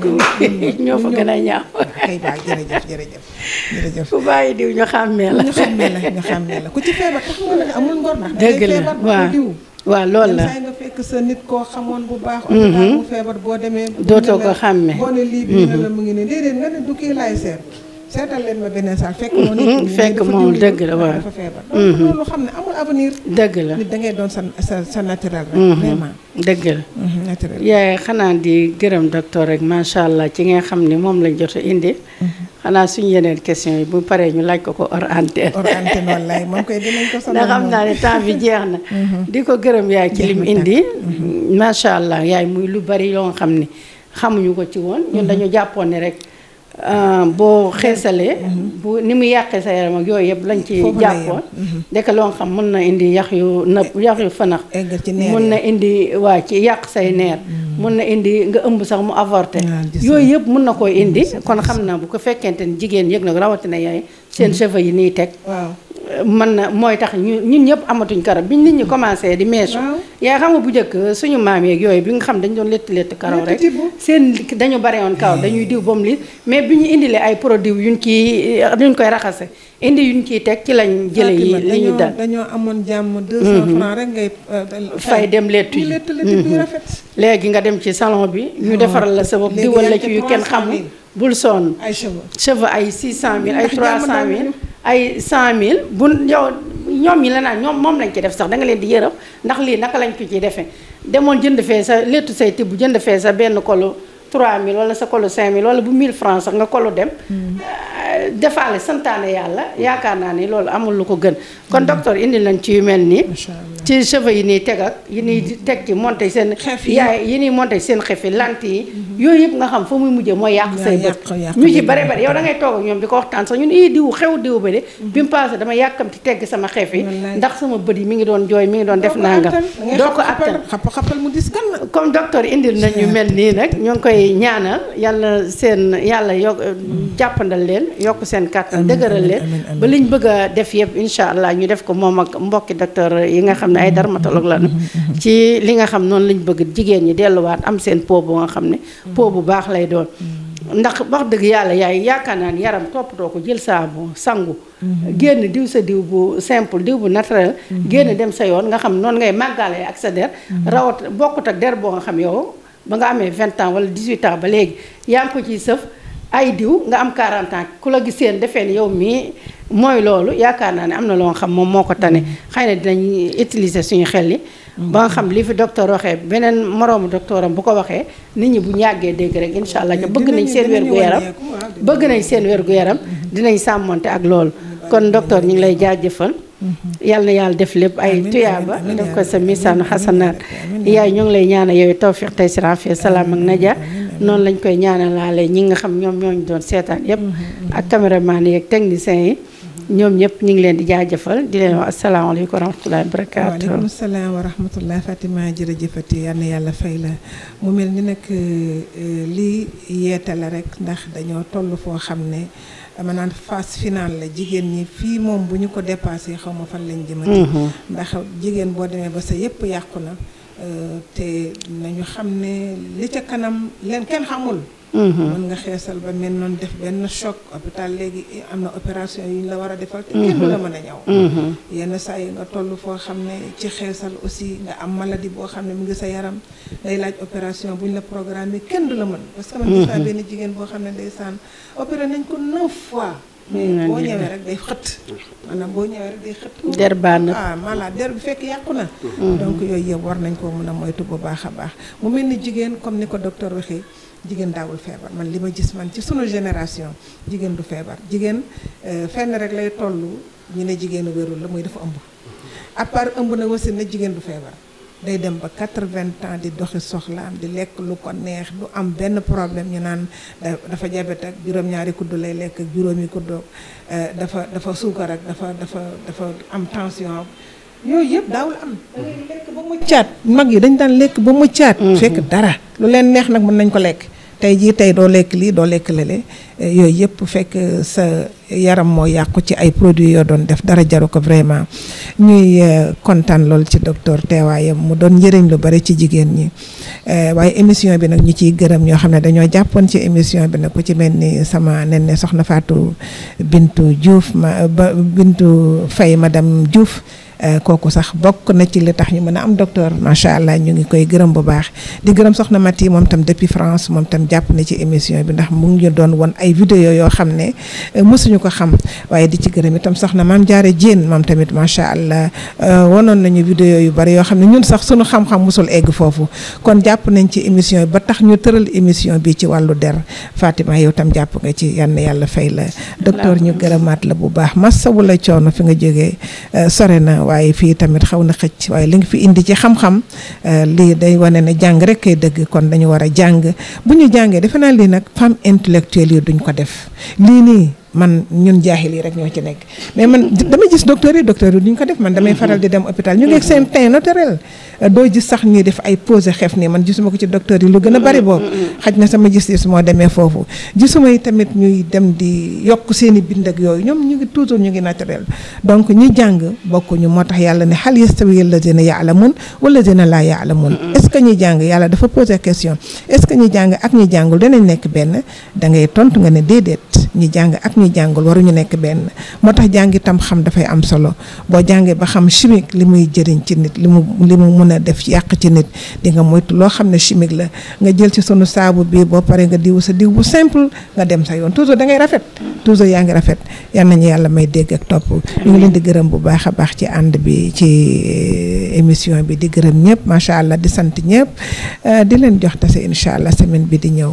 ñoo fa gën a ñaaw kay baa jërëjëf jërëjëf jërëjëf ku bàyyi diw ñu xàmmee la ñu xàmmee la ñu xàmmee la ku ci feebar tax nga ne amul ngor ndax dëgg la waaw diw waaw loolu la nga fekk sa nit koo xamoon bu baax mhm. bu feebar boo demee dootoo ko xàmmee boo ne lii bi na la mhm. mu ngi ne déedéet nga ne du kii laay seet seetal leen ma beneen saal fekk moo moom dëgg la waaw dafa feebar mm-hmm. xam ne dëgg la nit doon sa sa sa naturel rek mm-hmm. mm-hmm, yaay xanaa di gërëm docteur rek macha allah ci nga xam ne moom lañ jot a indi xanaa suñu yeneen question yi bu paree ñu laaj ko ko hors antenne naa ne temps bi jeex na di ko gërëm yaay ci lim indi macha allah yaay muy lu bari yoo xam ni xamuñu ko ci woon ñun dañu jàppoon ne rek Euh, boo xeesalee. bu ni mu yàqee sa yaram ak yooyu yëpp lañ ci jàppoon. dëkk loo xam mun na indi yàq yu nëb yàq yu fanax. mun na indi waa ci yàq say neer. Mm-hmm. mun na indi nga ëmb sax mu avorté. Ah, yooyu yëpp mun na koo indi. kon xam na bu ko fekkente ni jigéen yëg nag rawatina yaay seen mm-hmm. cheveux yi nii teg. mën na mooy tax ñu ñu ñëpp amatuñ karaw bi nit ñi commencé di meesu yaa xam nga bu njëkk suñu maam yeeg yooyu bi nga xam dañ doon létt létt karaw rek seen dañu bare woon karaw hmm. dañuy diw ba mu li mais bi ñu indilee ay produits yuñ ciy yuñ koy raxase indi yuñ ciy teg ci lañ jële yi li ñu dal dañoo amoon jàmm 200 hmm. francs rek ngay euh, fay dem létt yi hmm. léegi nga dem ci salon bi ñu defaral la sa bopp diwal la ci yu kenn xamul bul sonn cheveux ay 600000 ay 300000 ay cent 100000 bu yow ñoom yi la naan ñoom moom lañ ci def sax da nga leen di yërëm ndax lii naka lañ ko ciy defee demoon jënd fee sa léttu say tibb jënd fee sa benn kolu 3000 wala sa kolu 5000 wala bu 1000 francs nga kolu dem. Hmm. defaale santaane yàlla yaakaar naa ni loolu amul lu ko gën. kon docteur indi nañ ci yu mel nii. ci cheveux yi nii teg ak yi nii teg ci monté seen yaay yi seen xef yi lant yi yooyu yëpp nga xam fa muy mujjee mooy yàq say bët ñu ci bare bare yow da ngay ñoom di ko waxtaan sax ñun ii diw xew diw ba de mm-hmm. tegg sama xef yi ndax sama bët yi mi ngi doon jooy mi ngi doon def nangam doo ko attan xappal mu dis kan comme docteur indil nañ ñu mel nii nag ñoo ngi koy ñaanal yàlla seen yàlla yokk jàppandal leen yokk seen kàttan dëgëral leen ba liñ bëgg def yëpp incha allah ñu def ko moom ak mbokki docteur yi nga xam xam ne ay dermatologue lañu ci li nga xam noonu lañ bëgg jigéen ñi delluwaat am seen po bu nga xam ne po bu baax lay doon ndax wax dëgg yàlla yaay yaakaar naa ne yaram toppatoo ko jël saabu sangu génn diw sa diw bu simple diw bu naturel génn dem sa yoon nga xam noonu ngay màggaale ak sa der rawat bokkut ak der boo nga xam yow ba nga amee vingt ans wala dix-huit ans ba léegi yaa ngi ko ciy sëf ay diw nga am 40 ans ku la giseen defee yow mii mooy loolu yaakaar naa ne am na loo xam moom moo ko tane mm. xëy na dinañ utiliser suñu xel yi. Mm. ba nga xam li fi docteur waxee beneen moroomu docteur am bu ko waxee nit ñi bu ñàggee dégg rek incha allah mm. bëgg nañ seen wér gu bëgg nañ seen wér gu yaram mm-hmm. dinañ sàmmoonte ak loolu. Mm-hmm. kon docteur ñu ngi lay jaajëfal. Mm-hmm. yàlla na yàlla def lépp ay tuyaaba def ko sa misaanu xasanaat yaay ñoo ngi lay ñaanal yow tawfiq tey si rafet salaam ak naja noonu lañ koy ñaanalaale ñi nga xam ñoom ñoo doon seetaan yépp ak caméraman techniciens yi. ñoom ñëpp ñu ngi leen di jëfal di leen wax asalaamaaleykum wa rahmatulah barakaatu. waaleykum salaam wa rahmatulah Fatima jërëjëfati yal na yàlla fay la mu mel ni nag euh, lii yeete la rek ndax dañoo toll foo xam ne dama naan phase finale la jigéen ñi fii moom bu ñu ko dépassé xaw ma fan lañ jëmati. Mm-hmm. ndax jigéen boo demee ba sa yëpp yàqu na. Euh, te nañu xam ne li ca kanam leen kenn xamul. Mm-hmm. mën nga xeesal ba mel noonu def benn choc hôpital léegi am na opération yu ñu la war a defal te kenn la mm-hmm. mën a ñaw mm-hmm. yenn saa yi nga toll foo xam ne ci xeesal aussi nga am di boo xam ne mu ngi sa yaram day laaj opération bu ñu la programmé kenn du la mën parce que man gis naa benn jigéen boo xam ne ndeysaan opéré nañ ko neuf fois mais boo ñëwee rek day xëtt maanaam boo ñëwee rek day xëtt der baa na ah der bi fekk yàqu na donc yooyu war nañ koo mën a moytu bu baax a baax mu mel ni jigéen comme ni ko docteur waxee jigéen daawul feebar man li ma gis man ci sunu génération jigéen du feebar jigéen euh, fenn rek lay toll ñu ne jigéenu wérul la mooy dafa ëmb à ëmb na wasin na jigéen du feebar day dem ba quatre vingt ans di doxi soxlaam di lekk lu ko neex du am benn problème ñu naan euh, dafa jabet ak juróom-ñaari kudd lay lekk ak juróomi kuddoo euh, dafa dafa suukar ak dafa dafa dafa am tension yooyu yëpp daawul am. lekk ba mu mag yi dañ daan lekk ba mu mm-hmm. fekk dara lu leen neex nag mën nañ ko lekk. tey jii tey doo lekk lii doo lekk lale eh, yooyu yëpp fekk eh, sa yaram moo yàqu ci ay produits yoo doon def dara jaru ko vraiment ñuy eh, kontaan lool ci docteur teewaayam mu doon njëriñ lu bari ci jigéen ñi waaye émission bi nag ñu ciy gërëm ñoo xam ne dañoo jàppoon ci émission bi nag ku ci mel ni sama nen ne soxna faatu Bintu juuf ma Bintu Faye madame Diouf Euh, kooku sax bokk na ci li tax ñu mën a am docteur macha allah ñu ngi koy gërëm bu baax di gërëm soxna Mati moom tam depuis France moom tam jàpp na ci émission bi ndax mu ngi ñu doon won ay vidéo yoo xam ne euh, mësuñu ko xam waaye di ci gërëm itam soxna maam jaare Dieng moom tamit macha allah euh, wonoon nañu vidéo yu bari yoo xam ne ñun sax suñu xam musul egg foofu kon jàpp nañ ci émission ba tax ñu tëral émission bi ci wàllu der Fatima yow tam jàpp nga ci yann yàlla fay la docteur ñu gërëmaat la bu baax masawu la coono fi nga jógee sore na waaye fii tamit xaw na xëcc waaye li nga fi indi ci xam-xam euh, li day wane ne jàng rek kay dëgg kon dañu war a jàng bu ñu jàngee defe naa lii nag femme intellectuelle yi duñ ko def lii nii man ñun jaaxil yi rek ñoo ci nekk mais man dama gis docteur yi docteur yi duñ ko def man damay faral di dem hôpital ñu ngi seen teint naturel doo gis sax ñuy def ay posé xef nii man gisuma ko ci docteur yi lu gën a bari boobu xaj na sama gis-gis moo demee foofu gisuma yi tamit ñuy dem di yokk seen i bind ak yooyu ñoom ñu ngi toujours ñu ngi naturel donc ñi jàng bokkuñu moo tax yàlla ne hal yastawi allazina yaalamun wallazina laa yaalamun est ce que ñi jàng yàlla dafa posé question est que ñi jàng ak ñi jàngul danañ nekk benn da ngay tontu nga ne déedéet ñi jàng ñuy jàngul waruñu nekk benn moo tax jàng tam xam dafay am solo boo jàngee ba xam chimique li muy jëriñ ci nit li mu li mu mun a def yàq ci nit di nga moytu loo xam ne chimique la nga jël ci sunu saabu bi boo paree nga diw sa diw bu simple nga dem sa yoon toujours da ngay rafet toujours yaa ngi rafet yal nañu yàlla may dégg ak topp ñu leen di gërëm bu baax a baax ci ànd bi ci eh, émission bi di gërëm ñëpp macha allah di sant ñëpp euh, di leen jox tase incha allah semaine bi di ñëw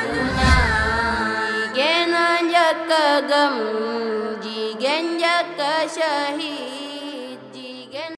गम् जी गञ्जक सही